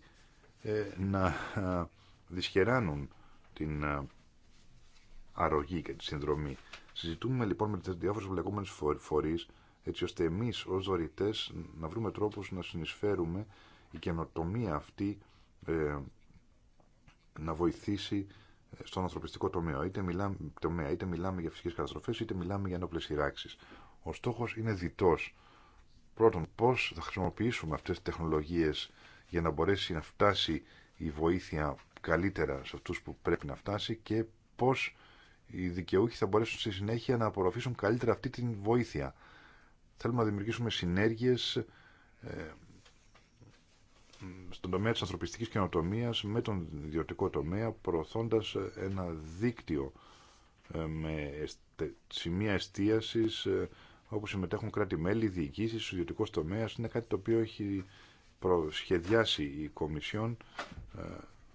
ε, να ε, δυσχεράνουν την αρρωγή και τη συνδρομή. Συζητούμε λοιπόν με τι διάφορε βλεγόμενε φορεί, έτσι ώστε εμεί, ω δωρητέ, να βρούμε τρόπου να συνεισφέρουμε η καινοτομία αυτή ε, να βοηθήσει ε, στον ανθρωπιστικό τομέα. Είτε μιλάμε, τομέα, είτε μιλάμε για φυσικέ καταστροφέ, είτε μιλάμε για ενόπλε σειράξει. Ο στόχο είναι διτό. Πρώτον, πώ θα χρησιμοποιήσουμε αυτέ τι τεχνολογίε για να μπορέσει να φτάσει η βοήθεια καλύτερα σε αυτούς που πρέπει να φτάσει και πώς οι δικαιούχοι θα μπορέσουν στη συνέχεια να απορροφήσουν καλύτερα αυτή την βοήθεια. Θέλουμε να δημιουργήσουμε συνέργειες ε, στον τομέα της ανθρωπιστικής καινοτομία με τον ιδιωτικό τομέα προωθώντας ένα δίκτυο ε, με σημεία εστίασης ε, όπου συμμετέχουν κράτη-μέλη, διοικήσεις, ο ιδιωτικός τομέας. Είναι κάτι το οποίο έχει προσχεδιάσει η Κομισιόν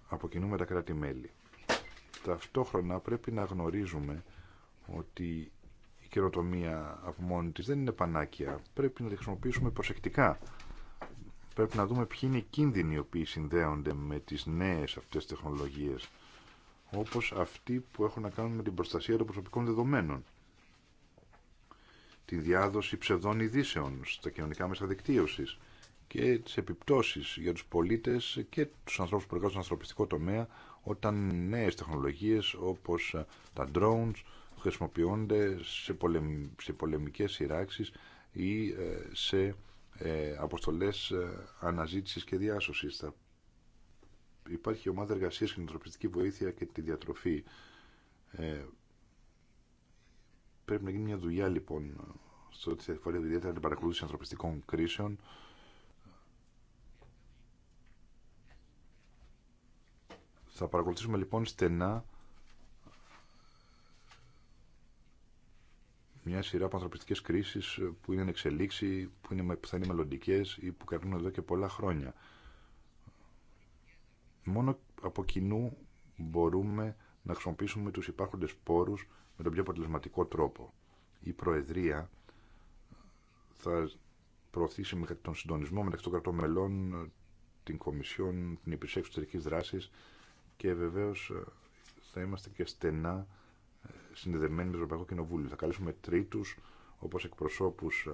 από κοινού με τα κράτη-μέλη. Ταυτόχρονα πρέπει να γνωρίζουμε ότι η καινοτομία από μόνη της δεν είναι πανάκια. Πρέπει να τη χρησιμοποιήσουμε προσεκτικά. Πρέπει να δούμε ποιοι είναι οι κίνδυνοι οι οποίοι συνδέονται με τις νέες αυτές τεχνολογίες όπως αυτοί που έχουν να κάνουν με την προστασία των προσωπικών δεδομένων τη διάδοση ψευδών ειδήσεων στα κοινωνικά μέσα δικτύωσης και τι επιπτώσει για του πολίτε και του ανθρώπου που εργάζονται στον ανθρωπιστικό τομέα όταν νέε τεχνολογίε όπω ε, τα drones χρησιμοποιούνται σε, πολεμ, σε πολεμικές σειράξεις ή ε, σε ε, αποστολέ αναζήτηση και διάσωση. Υπάρχει ομάδα εργασία για την ανθρωπιστική βοήθεια και τη διατροφή. πρέπει να γίνει μια δουλειά λοιπόν στο ότι θα ιδιαίτερα την παρακολούθηση ανθρωπιστικών κρίσεων Θα παρακολουθήσουμε λοιπόν στενά μια σειρά από ανθρωπιστικέ κρίσει που είναι εξελίξει, που, είναι, που θα είναι μελλοντικέ ή που κρατούν εδώ και πολλά χρόνια. Μόνο από κοινού μπορούμε να χρησιμοποιήσουμε τους υπάρχοντες πόρους με τον πιο αποτελεσματικό τρόπο. Η Προεδρία θα προωθήσει με τον συντονισμό μεταξύ των κρατών μελών, την Κομισιόν, την Υπηρεσία Εξωτερικής Δράσης και βεβαίως ε, θα είμαστε και στενά ε, συνδεδεμένοι με το Ευρωπαϊκό Κοινοβούλιο. Θα καλέσουμε τρίτους, όπως εκπροσώπους ε,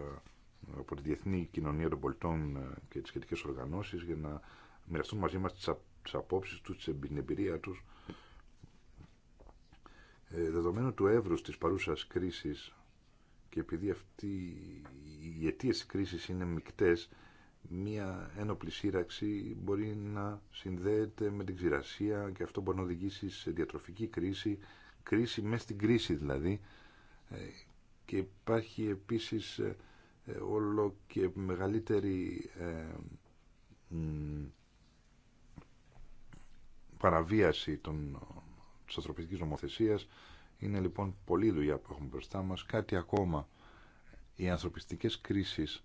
από τη Διεθνή Κοινωνία των Πολιτών και τις σχετικές οργανώσεις για να μοιραστούν μαζί μας τις απόψεις τους, την εμπειρία τους. Δεδομένου του εύρους της παρούσας κρίσης και επειδή αυτή, οι αιτίες της κρίσης είναι μικτές, μία ένοπλη σύραξη μπορεί να συνδέεται με την ξηρασία και αυτό μπορεί να οδηγήσει σε διατροφική κρίση, κρίση μέσα στην κρίση δηλαδή. Ε, και υπάρχει επίσης ε, όλο και μεγαλύτερη ε, παραβίαση των, της ανθρωπιστικής νομοθεσίας. Είναι λοιπόν πολλή δουλειά που έχουμε μπροστά μας. Κάτι ακόμα, οι ανθρωπιστικές κρίσεις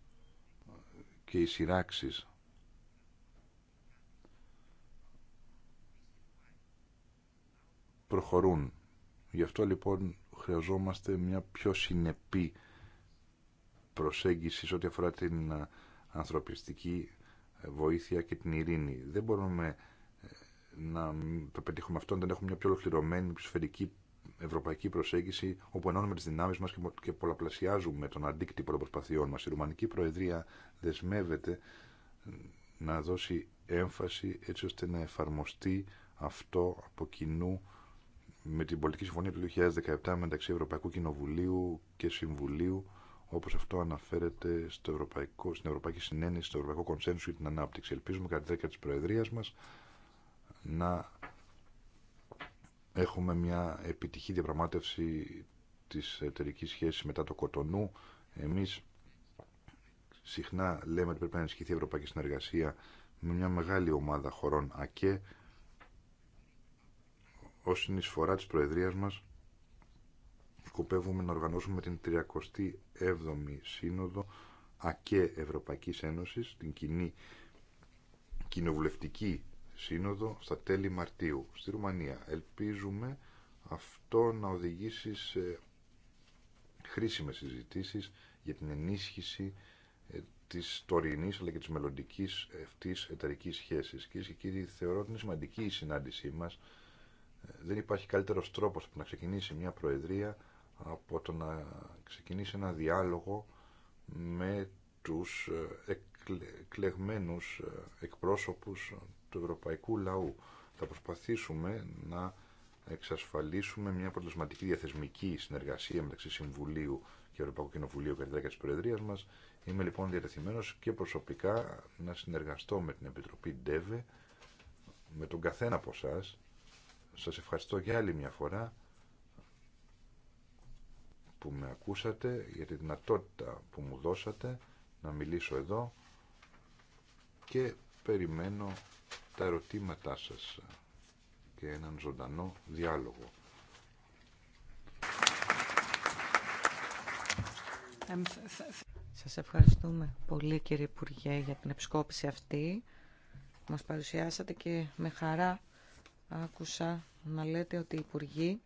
και οι σειράξεις. προχωρούν. Γι' αυτό λοιπόν χρειαζόμαστε μια πιο συνεπή προσέγγιση σε ό,τι αφορά την ε, ανθρωπιστική ε, βοήθεια και την ειρήνη. Δεν μπορούμε ε, να το πετύχουμε αυτό αν δεν έχουμε μια πιο ολοκληρωμένη, πιο σφαιρική ευρωπαϊκή προσέγγιση όπου ενώνουμε τι δυνάμει μα και πολλαπλασιάζουμε τον αντίκτυπο των προσπαθειών μα. Η Ρουμανική Προεδρία δεσμεύεται να δώσει έμφαση έτσι ώστε να εφαρμοστεί αυτό από κοινού με την πολιτική συμφωνία του 2017 μεταξύ Ευρωπαϊκού Κοινοβουλίου και Συμβουλίου όπως αυτό αναφέρεται στην Ευρωπαϊκή Συνένεση, στο Ευρωπαϊκό Κονσένσου για την Ανάπτυξη. Ελπίζουμε κατά τη διάρκεια της Προεδρίας να Έχουμε μια επιτυχή διαπραγμάτευση της εταιρική σχέσης μετά το Κοτονού. Εμείς συχνά λέμε ότι πρέπει να ενισχυθεί η Ευρωπαϊκή Συνεργασία με μια μεγάλη ομάδα χωρών ΑΚΕ ως συνεισφορά της Προεδρίας μας σκοπεύουμε να οργανώσουμε την 37η Σύνοδο ΑΚΕ Ευρωπαϊκής Ένωσης, την κοινή κοινοβουλευτική σύνοδο στα τέλη Μαρτίου στη Ρουμανία. Ελπίζουμε αυτό να οδηγήσει σε χρήσιμες συζητήσεις για την ενίσχυση ε, της τωρινής αλλά και της μελλοντικής αυτή εταιρικής σχέσης. Κυρίε και κύριοι, θεωρώ ότι είναι σημαντική η συνάντησή μας. Ε, δεν υπάρχει καλύτερος τρόπος που να ξεκινήσει μια προεδρία από το να ξεκινήσει ένα διάλογο με τους ε, εκλεγμένους εκπρόσωπους του ευρωπαϊκού λαού. Θα προσπαθήσουμε να εξασφαλίσουμε μια αποτελεσματική διαθεσμική συνεργασία μεταξύ Συμβουλίου και Ευρωπαϊκού Κοινοβουλίου κατά τη διάρκεια τη Προεδρία μα. Είμαι λοιπόν διατεθειμένο και προσωπικά να συνεργαστώ με την Επιτροπή ΝΤΕΒΕ, με τον καθένα από εσά. Σα ευχαριστώ για άλλη μια φορά που με ακούσατε, για τη δυνατότητα που μου δώσατε να μιλήσω εδώ και περιμένω τα ερωτήματά σας και έναν ζωντανό διάλογο. Σας ευχαριστούμε πολύ κύριε Υπουργέ για την επισκόπηση αυτή μας παρουσιάσατε και με χαρά άκουσα να λέτε ότι οι Υπουργοί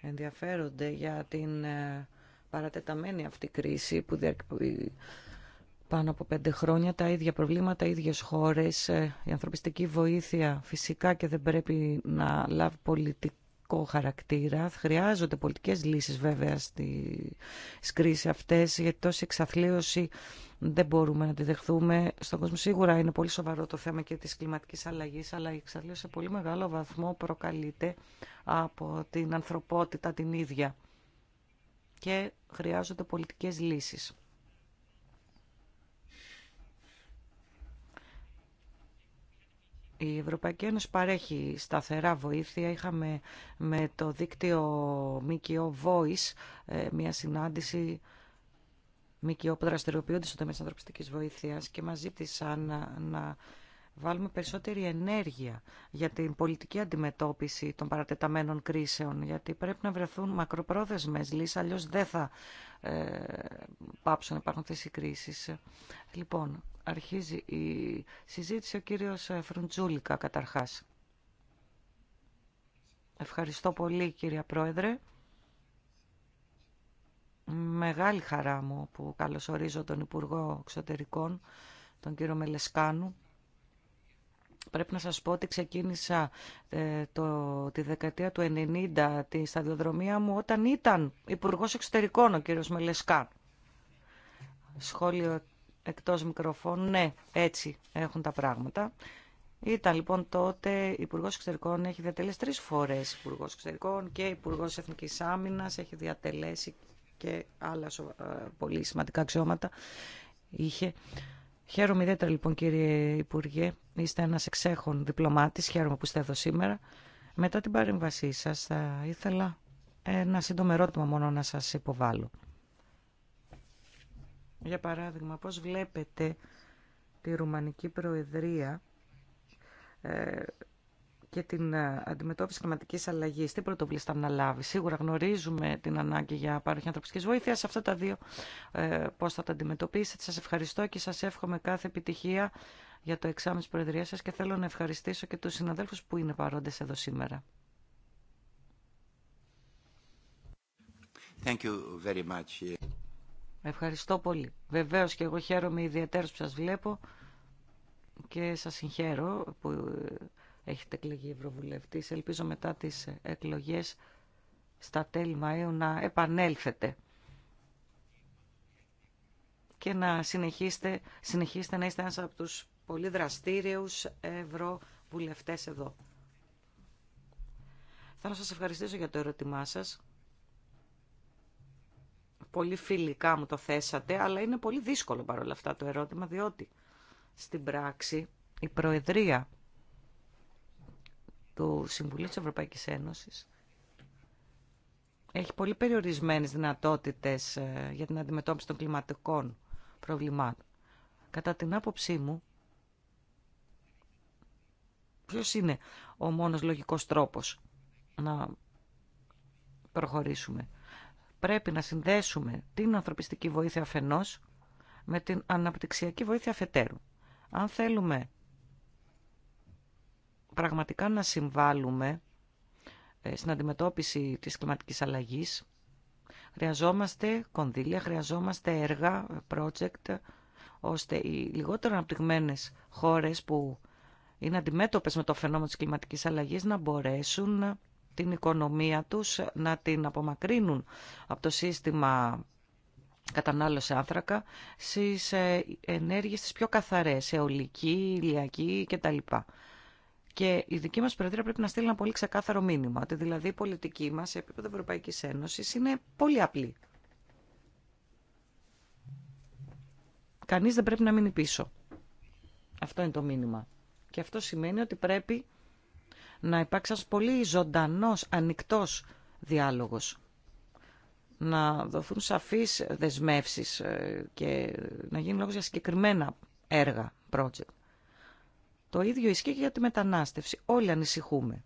ενδιαφέρονται για την ε, παρατεταμένη αυτή κρίση που πάνω από πέντε χρόνια τα ίδια προβλήματα, οι ίδιες χώρες. Ε, η ανθρωπιστική βοήθεια φυσικά και δεν πρέπει να λάβει πολιτικό χαρακτήρα. Χρειάζονται πολιτικές λύσεις βέβαια στις κρίσεις αυτές, γιατί τόση εξαθλίωση δεν μπορούμε να τη δεχθούμε. Στον κόσμο σίγουρα είναι πολύ σοβαρό το θέμα και της κλιματικής αλλαγής, αλλά η εξαθλίωση σε πολύ μεγάλο βαθμό προκαλείται από την ανθρωπότητα την ίδια και χρειάζονται πολιτικές λύσεις. Η Ευρωπαϊκή Ένωση παρέχει σταθερά βοήθεια. Είχαμε με το δίκτυο ΜΚΟ Voice ε, μια συνάντηση ΜΚΟ που δραστηριοποιούνται στο τομέα ανθρωπιστικής βοήθειας και μας ζήτησαν να, να βάλουμε περισσότερη ενέργεια για την πολιτική αντιμετώπιση των παρατεταμένων κρίσεων, γιατί πρέπει να βρεθούν μακροπρόθεσμες λύσεις, αλλιώς δεν θα ε, πάψουν να υπάρχουν αυτές οι Λοιπόν, αρχίζει η συζήτηση ο κύριος ε, Φρουντζούλικα καταρχάς. Ευχαριστώ πολύ κύριε Πρόεδρε. Μεγάλη χαρά μου που καλωσορίζω τον Υπουργό Εξωτερικών, τον κύριο Μελεσκάνου. Πρέπει να σας πω ότι ξεκίνησα ε, το, τη δεκαετία του 90 τη σταδιοδρομία μου όταν ήταν Υπουργός Εξωτερικών ο κύριος Μελεσκάνου. Σχόλιο εκτός μικροφώνου. Ναι, έτσι έχουν τα πράγματα. Ήταν λοιπόν τότε Υπουργό Εξωτερικών, έχει διατελέσει τρει φορέ Υπουργό Εξωτερικών και Υπουργό Εθνική Άμυνα, έχει διατελέσει και άλλα ε, πολύ σημαντικά αξιώματα. Είχε. Χαίρομαι ιδιαίτερα λοιπόν κύριε Υπουργέ, είστε ένα εξέχων διπλωμάτη, χαίρομαι που είστε εδώ σήμερα. Μετά την παρέμβασή σα θα ήθελα ένα σύντομο ερώτημα μόνο να σα υποβάλω. Για παράδειγμα, πώς βλέπετε τη Ρουμανική Προεδρία ε, και την ε, αντιμετώπιση κλιματικής αλλαγής. Τι πρωτοβουλίες θα λάβει. Σίγουρα γνωρίζουμε την ανάγκη για παροχή ανθρωπιστικής βοήθειας. Αυτά τα δύο ε, πώς θα τα αντιμετωπίσετε. Σας ευχαριστώ και σας εύχομαι κάθε επιτυχία για το εξάμεινο της Προεδρίας σας και θέλω να ευχαριστήσω και τους συναδέλφους που είναι παρόντες εδώ σήμερα. Thank you very much. Ευχαριστώ πολύ. Βεβαίως και εγώ χαίρομαι ιδιαίτερα που σας βλέπω και σας συγχαίρω που ε, έχετε εκλεγεί ευρωβουλευτή. Ελπίζω μετά τις εκλογές στα τέλη Μαΐου να επανέλθετε και να συνεχίσετε, συνεχίσετε να είστε ένας από τους πολύ δραστήριους ευρωβουλευτές εδώ. Θα να σας ευχαριστήσω για το ερώτημά σας πολύ φιλικά μου το θέσατε, αλλά είναι πολύ δύσκολο παρόλα αυτά το ερώτημα, διότι στην πράξη η Προεδρία του Συμβουλίου της Ευρωπαϊκής Ένωσης έχει πολύ περιορισμένες δυνατότητες ε, για την αντιμετώπιση των κλιματικών προβλημάτων. Κατά την άποψή μου, ποιος είναι ο μόνος λογικός τρόπος να προχωρήσουμε πρέπει να συνδέσουμε την ανθρωπιστική βοήθεια αφενός με την αναπτυξιακή βοήθεια αφετέρου. Αν θέλουμε πραγματικά να συμβάλλουμε ε, στην αντιμετώπιση της κλιματικής αλλαγής, χρειαζόμαστε κονδύλια, χρειαζόμαστε έργα, project, ώστε οι λιγότερο αναπτυγμένες χώρες που είναι αντιμέτωπες με το φαινόμενο της κλιματικής αλλαγής να μπορέσουν την οικονομία τους, να την απομακρύνουν από το σύστημα κατανάλωση άνθρακα στις ε, ενέργειες τις πιο καθαρές, αιωλική, ηλιακή κτλ. Και η δική μας Προεδρία πρέπει να στείλει ένα πολύ ξεκάθαρο μήνυμα, ότι δηλαδή η πολιτική μας σε επίπεδο Ευρωπαϊκής Ένωσης είναι πολύ απλή. Κανείς δεν πρέπει να μείνει πίσω. Αυτό είναι το μήνυμα. Και αυτό σημαίνει ότι πρέπει να υπάρξει ένας πολύ ζωντανός, ανοιχτός διάλογος. Να δοθούν σαφείς δεσμεύσεις ε, και να γίνει λόγος για συγκεκριμένα έργα, project. Το ίδιο ισχύει και για τη μετανάστευση. Όλοι ανησυχούμε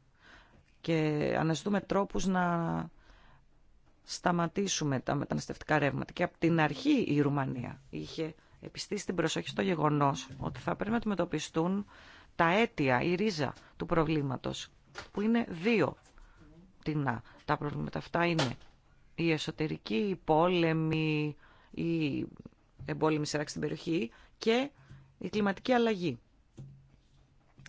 και αναζητούμε τρόπους να σταματήσουμε τα μεταναστευτικά ρεύματα. Και από την αρχή η Ρουμανία είχε επιστήσει την προσοχή στο γεγονός ότι θα πρέπει να αντιμετωπιστούν τα αίτια, η ρίζα του προβλήματος, που είναι δύο τεινά. Τα προβλήματα αυτά είναι η εσωτερική, η πόλεμη, η εμπόλεμη σειράξη στην περιοχή και η κλιματική αλλαγή.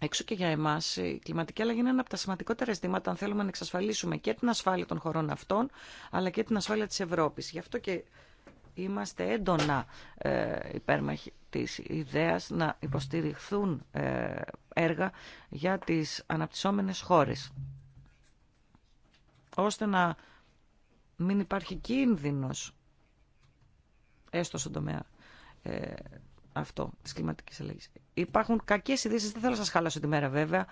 Έξω και για εμά, η κλιματική αλλαγή είναι ένα από τα σημαντικότερα ζητήματα αν θέλουμε να εξασφαλίσουμε και την ασφάλεια των χωρών αυτών, αλλά και την ασφάλεια τη Ευρώπη. Γι' αυτό και είμαστε έντονα ε, υπέρμαχοι της ιδέας να υποστηριχθούν ε, έργα για τις αναπτυσσόμενες χώρες, ώστε να μην υπάρχει κίνδυνος, έστω στον τομέα ε, αυτό της κλιματικής αλλαγής. Υπάρχουν κακές ειδήσει, δεν θέλω να σας χαλάσω τη μέρα βέβαια.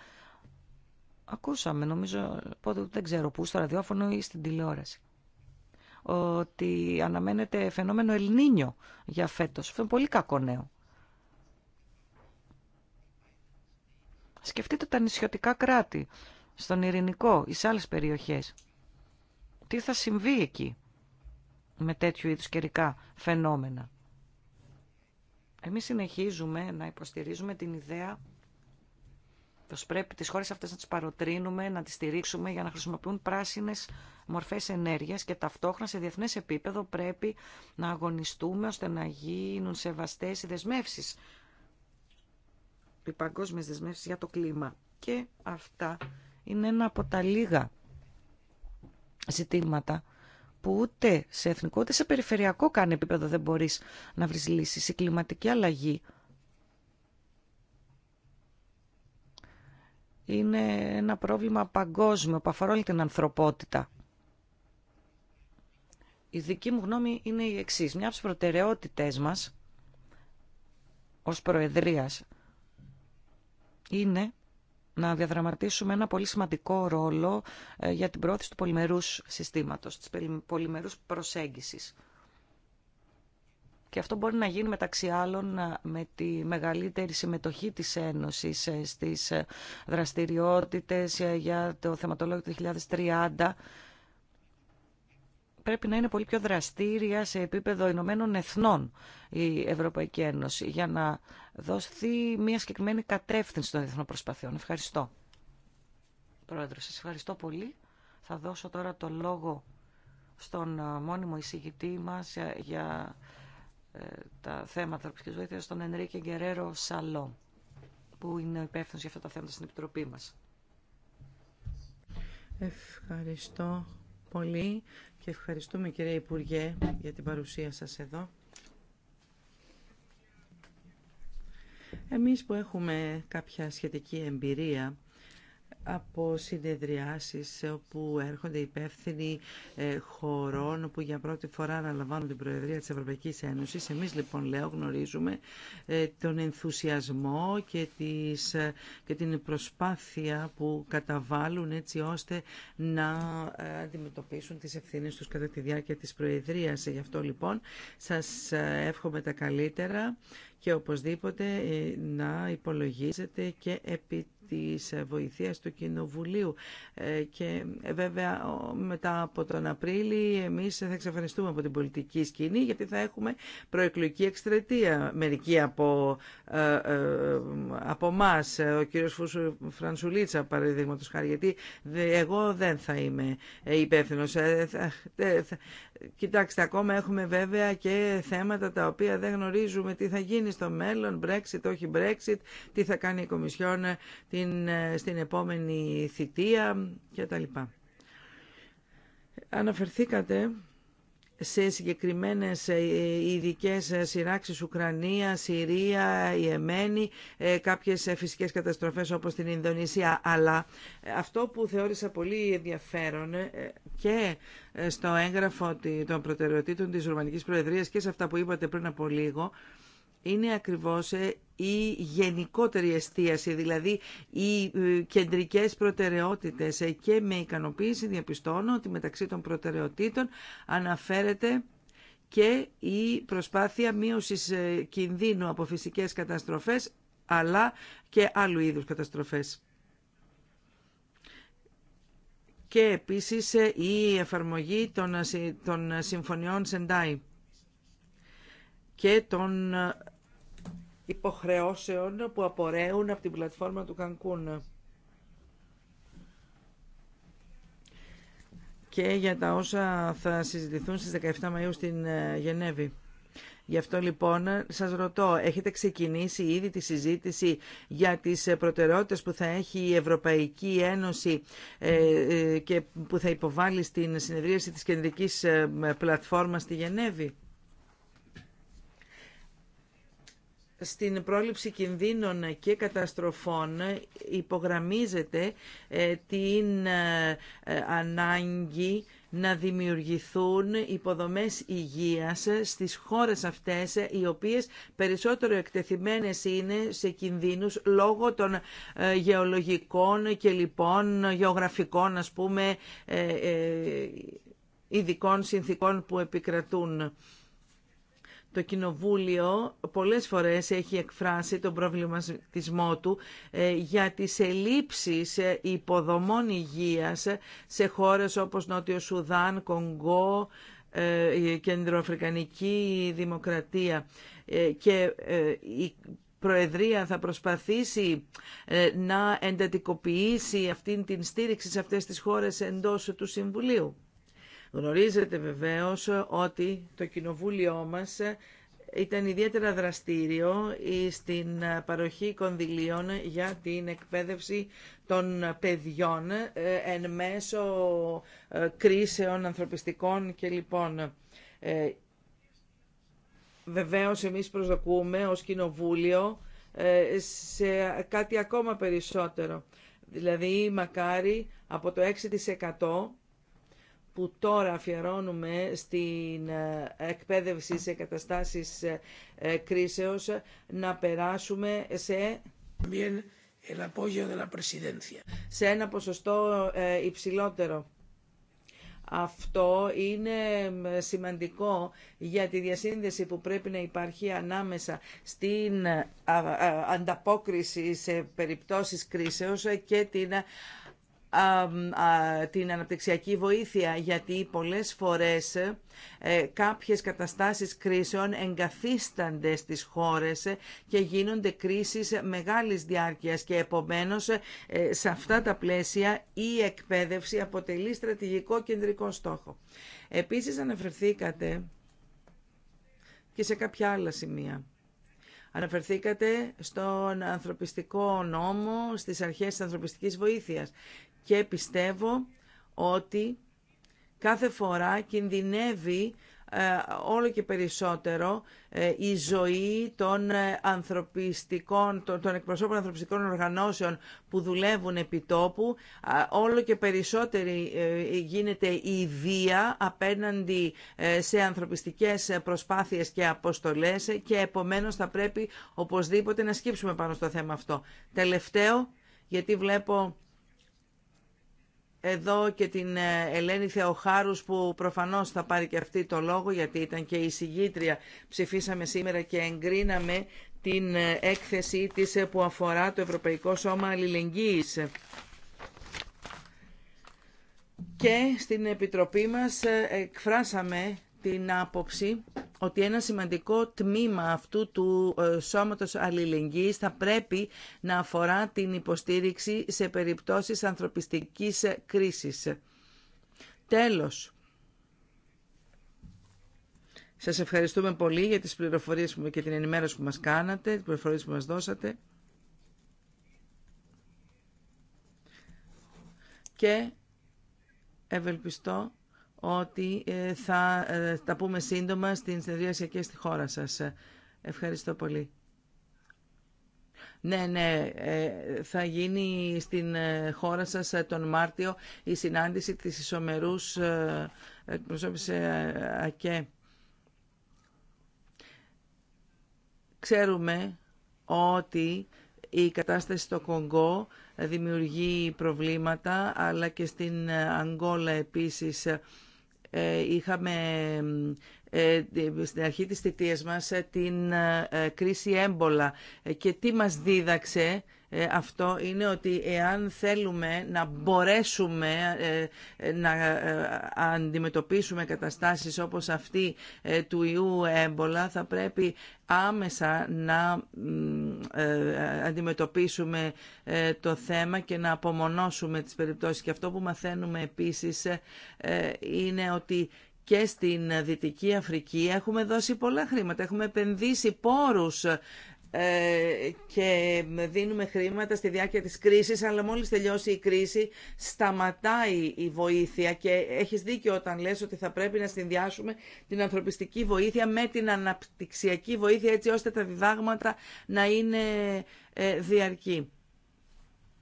Ακούσαμε, νομίζω, πότε δεν ξέρω πού, στο ραδιόφωνο ή στην τηλεόραση ότι αναμένεται φαινόμενο Ελνίνιο για φέτος. Αυτό είναι πολύ κακό νέο. Σκεφτείτε τα νησιωτικά κράτη, στον Ειρηνικό ή σε άλλες περιοχές. Τι θα συμβεί εκεί με τέτοιου είδους καιρικά φαινόμενα. Εμείς συνεχίζουμε να υποστηρίζουμε την ιδέα πως πρέπει τις χώρες αυτές να τις παροτρύνουμε, να τις στηρίξουμε για να χρησιμοποιούν πράσινες μορφές ενέργειας και ταυτόχρονα σε διεθνές επίπεδο πρέπει να αγωνιστούμε ώστε να γίνουν σεβαστές οι δεσμεύσεις, οι παγκόσμιες δεσμεύσεις για το κλίμα. Και αυτά είναι ένα από τα λίγα ζητήματα που ούτε σε εθνικό ούτε σε περιφερειακό καν επίπεδο δεν μπορείς να βρεις λύσει Η κλιματική αλλαγή είναι ένα πρόβλημα παγκόσμιο που αφορά όλη την ανθρωπότητα. Η δική μου γνώμη είναι η εξή Μια από τις προτεραιότητες μας ως Προεδρίας είναι να διαδραματίσουμε ένα πολύ σημαντικό ρόλο ε, για την πρόθεση του πολυμερούς συστήματος, της πολυμερούς προσέγγισης. Και αυτό μπορεί να γίνει μεταξύ άλλων ε, με τη μεγαλύτερη συμμετοχή της Ένωσης ε, στις ε, δραστηριότητες για το θεματολόγιο του 2030 πρέπει να είναι πολύ πιο δραστήρια σε επίπεδο Ηνωμένων Εθνών η Ευρωπαϊκή Ένωση για να δώσει μια συγκεκριμένη κατεύθυνση των διεθνών προσπαθειών. Ευχαριστώ. Πρόεδρο, σας ευχαριστώ πολύ. Θα δώσω τώρα το λόγο στον μόνιμο εισηγητή μας για ε, τα θέματα ανθρωπιστικής βοήθειας στον Ενρίκε Γκερέρο Σαλό, που είναι υπεύθυνο για αυτά τα θέματα στην Επιτροπή μας. Ευχαριστώ πολύ και ευχαριστούμε κύριε Υπουργέ για την παρουσία σας εδώ. Εμείς που έχουμε κάποια σχετική εμπειρία από συνεδριάσεις όπου έρχονται υπεύθυνοι ε, χωρών που για πρώτη φορά αναλαμβάνουν την Προεδρία της Ευρωπαϊκής Ένωσης. Εμείς λοιπόν λέω γνωρίζουμε ε, τον ενθουσιασμό και, τις, ε, και την προσπάθεια που καταβάλουν έτσι ώστε να αντιμετωπίσουν τις ευθύνες τους κατά τη διάρκεια της Προεδρίας. Γι' αυτό λοιπόν σας εύχομαι τα καλύτερα και οπωσδήποτε ε, να υπολογίζεται και επί της βοηθείας του Κοινοβουλίου. Ε, και ε, βέβαια μετά από τον Απρίλη εμείς θα εξαφανιστούμε από την πολιτική σκηνή γιατί θα έχουμε προεκλογική εκστρατεία. Μερικοί από, από εμά, ο κύριος Φρανσουλίτσα παραδείγματο χάρη, γιατί εγώ δεν θα είμαι υπεύθυνο. Κοιτάξτε, ακόμα έχουμε βέβαια και θέματα τα οποία δεν γνωρίζουμε τι θα γίνει στο μέλλον, Brexit, όχι Brexit, τι θα κάνει η Κομισιόν ε, την, ε, στην επόμενη θητεία κτλ. Αναφερθήκατε σε συγκεκριμένες ε, ειδικέ ε, σειράξεις Ουκρανία, Συρία, Ιεμένη, ε, κάποιες φυσικές καταστροφές όπως την Ινδονησία. Αλλά αυτό που θεώρησα πολύ ενδιαφέρον και στο έγγραφο των προτεραιοτήτων της Ρουμανικής Προεδρίας και σε αυτά που είπατε πριν από λίγο, είναι ακριβώς ε, η γενικότερη εστίαση, δηλαδή οι ε, κεντρικές προτεραιότητες ε, και με ικανοποίηση διαπιστώνω ότι μεταξύ των προτεραιοτήτων αναφέρεται και η προσπάθεια μείωσης κινδύνου από φυσικές καταστροφές αλλά και άλλου είδους καταστροφές. Και επίσης η εφαρμογή των συμφωνιών Σεντάι και των υποχρεώσεων που απορρέουν από την πλατφόρμα του Κανκούν. Και για τα όσα θα συζητηθούν στις 17 Μαΐου στην ε, Γενέβη. Γι' αυτό λοιπόν σας ρωτώ, έχετε ξεκινήσει ήδη τη συζήτηση για τις ε, προτεραιότητες που θα έχει η Ευρωπαϊκή Ένωση ε, και που θα υποβάλει στην συνεδρίαση της Κεντρικής Πλατφόρμας στη Γενέβη. στην πρόληψη κινδύνων και καταστροφών υπογραμμίζεται ε, την ε, ε, ανάγκη να δημιουργηθούν υποδομές υγείας στις χώρες αυτές οι οποίες περισσότερο εκτεθειμένες είναι σε κινδύνους λόγω των γεωλογικών και λοιπόν γεωγραφικών ας πούμε ειδικών συνθήκων που επικρατούν. Το Κοινοβούλιο πολλές φορές έχει εκφράσει τον προβληματισμό του ε, για τις ελλείψεις ε, υποδομών υγείας σε χώρες όπως Νότιο Σουδάν, Κονγκό, ε, Κεντροαφρικανική Δημοκρατία και η Προεδρία θα προσπαθήσει να εντατικοποιήσει αυτήν την στήριξη σε αυτές τις χώρες εντός του Συμβουλίου. Γνωρίζετε βεβαίως ότι το κοινοβούλιο μας ήταν ιδιαίτερα δραστήριο στην παροχή κονδυλίων για την εκπαίδευση των παιδιών ε, εν μέσω ε, κρίσεων ανθρωπιστικών και λοιπόν. Ε, βεβαίως εμείς προσδοκούμε ως κοινοβούλιο σε κάτι ακόμα περισσότερο. Δηλαδή μακάρι από το 6% που τώρα αφιερώνουμε στην ε, εκπαίδευση σε καταστάσεις ε, ε, κρίσεως να περάσουμε σε σε ένα ποσοστό υψηλότερο. Αυτό είναι σημαντικό για τη διασύνδεση που πρέπει να υπάρχει ανάμεσα στην ανταπόκριση σε περιπτώσεις κρίσεως και την την αναπτυξιακή βοήθεια γιατί πολλές φορές ε, κάποιες καταστάσεις κρίσεων εγκαθίστανται στις χώρες και γίνονται κρίσεις μεγάλης διάρκειας και επομένως ε, σε αυτά τα πλαίσια η εκπαίδευση αποτελεί στρατηγικό κεντρικό στόχο. Επίσης αναφερθήκατε και σε κάποια άλλα σημεία. Αναφερθήκατε στον ανθρωπιστικό νόμο, στις αρχές της ανθρωπιστικής βοήθειας και πιστεύω ότι κάθε φορά κινδυνεύει ε, όλο και περισσότερο ε, η ζωή των ε, ανθρωπιστικών, των εκπροσώπων ανθρωπιστικών οργανώσεων που δουλεύουν επί τόπου, όλο και περισσότερη γίνεται η βία απέναντι σε ανθρωπιστικές προσπάθειες και αποστολές και επομένως θα πρέπει οπωσδήποτε να σκύψουμε πάνω στο θέμα αυτό. Τελευταίο, γιατί βλέπω εδώ και την ε, Ελένη Θεοχάρους που προφανώς θα πάρει και αυτή το λόγο γιατί ήταν και η συγγήτρια. Ψηφίσαμε σήμερα και εγκρίναμε την ε, έκθεση της ε, που αφορά το Ευρωπαϊκό Σώμα Αλληλεγγύης. Και στην Επιτροπή μας εκφράσαμε την άποψη ότι ένα σημαντικό τμήμα αυτού του ε, σώματος αλληλεγγύης θα πρέπει να αφορά την υποστήριξη σε περιπτώσεις ανθρωπιστικής ε, κρίσης. Τέλος, σας ευχαριστούμε πολύ για τις πληροφορίες και την ενημέρωση που μας κάνατε, τις πληροφορίες που μας δώσατε. Και ευελπιστώ ότι ε, θα ε, τα πούμε σύντομα στην συνεδρίαση και στη χώρα σας. Ευχαριστώ πολύ. Ναι, ναι, ε, θα γίνει στην χώρα σας τον Μάρτιο η συνάντηση της Ισομερούς εκπροσώπηση ΑΚΕ. Ξέρουμε ότι η κατάσταση στο Κονγκό δημιουργεί προβλήματα, αλλά και στην Αγγόλα επίσης ε, είχαμε ε, ε, στην αρχή της θητείας μας την κρίση έμπολα και τι μας δίδαξε ε, αυτό είναι ότι εάν θέλουμε να μπορέσουμε ε, ε, να αντιμετωπίσουμε καταστάσεις όπως αυτή του ιού έμπολα θα πρέπει άμεσα να αντιμετωπίσουμε το θέμα και να απομονώσουμε τις περιπτώσεις. Και αυτό που μαθαίνουμε επίσης είναι ότι και στην Δυτική Αφρική έχουμε δώσει πολλά χρήματα, έχουμε επενδύσει πόρους ε, και δίνουμε χρήματα στη διάρκεια της κρίσης, αλλά μόλις τελειώσει η κρίση σταματάει η βοήθεια και έχεις δίκιο όταν λες ότι θα πρέπει να συνδυάσουμε την ανθρωπιστική βοήθεια με την αναπτυξιακή βοήθεια έτσι ώστε τα διδάγματα να είναι ε, διαρκή.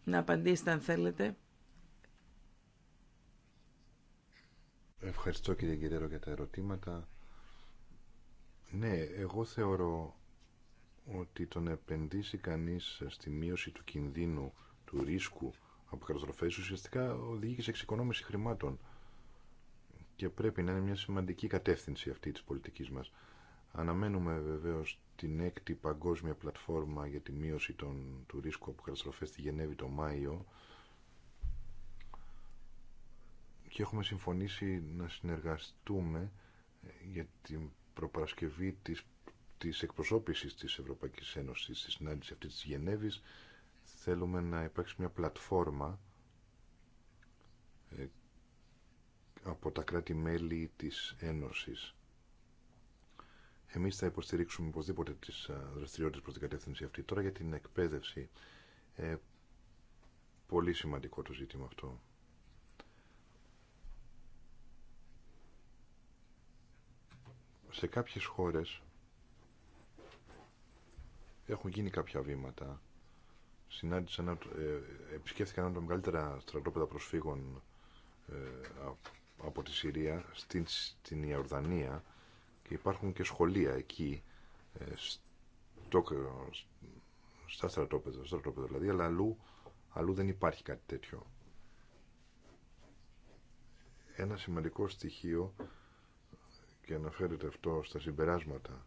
Να απαντήσετε αν θέλετε. Ευχαριστώ κύριε Γκυρέρο για τα ερωτήματα. Ναι, εγώ θεωρώ ότι το να επενδύσει κανείς στη μείωση του κινδύνου, του ρίσκου από καταστροφές ουσιαστικά οδηγεί σε εξοικονόμηση χρημάτων και πρέπει να είναι μια σημαντική κατεύθυνση αυτή της πολιτικής μας. Αναμένουμε βεβαίως την έκτη παγκόσμια πλατφόρμα για τη μείωση των, του ρίσκου από καταστροφέ στη Γενέβη το Μάιο και έχουμε συμφωνήσει να συνεργαστούμε για την προπαρασκευή της της εκπροσώπησης της Ευρωπαϊκής Ένωσης στη συνάντηση αυτή της Γενέβης θέλουμε να υπάρξει μια πλατφόρμα ε, από τα κράτη-μέλη της Ένωσης. Εμείς θα υποστηρίξουμε οπωσδήποτε τις ε, δραστηριότητες προς την κατεύθυνση αυτή. Τώρα για την εκπαίδευση. Ε, πολύ σημαντικό το ζήτημα αυτό. Σε κάποιες χώρες έχουν γίνει κάποια βήματα. Συνάντησαν, ε, επισκέφθηκαν ένα από τα μεγαλύτερα στρατόπεδα προσφύγων ε, από τη Συρία στην, στην Ιορδανία και υπάρχουν και σχολεία εκεί ε, στο, στα στρατόπεδα, δηλαδή, αλλά αλλού, αλλού δεν υπάρχει κάτι τέτοιο. Ένα σημαντικό στοιχείο και αναφέρεται αυτό στα συμπεράσματα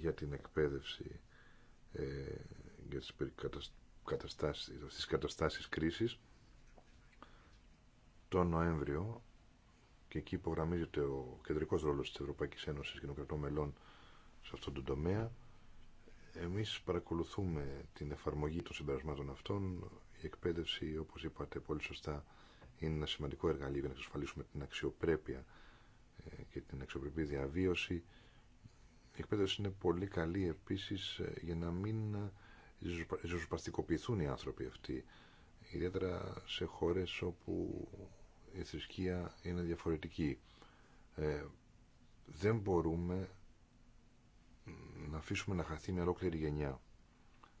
για την εκπαίδευση ε, για τις καταστάσεις, τις καταστάσεις κρίσης τον Νοέμβριο και εκεί υπογραμμίζεται ο κεντρικός ρόλος της Ευρωπαϊκής Ένωσης και των κρατών μελών σε αυτόν τον τομέα. Εμείς παρακολουθούμε την εφαρμογή των συμπερασμάτων αυτών. Η εκπαίδευση, όπως είπατε πολύ σωστά, είναι ένα σημαντικό εργαλείο για να εξασφαλίσουμε την αξιοπρέπεια ε, και την αξιοπρεπή διαβίωση η εκπαίδευση είναι πολύ καλή επίσης ε, για να μην ε, ζωσπαστικοποιηθούν οι άνθρωποι αυτοί. Ιδιαίτερα σε χώρες όπου η θρησκεία είναι διαφορετική. Ε, δεν μπορούμε να αφήσουμε να χαθεί μια ολόκληρη γενιά.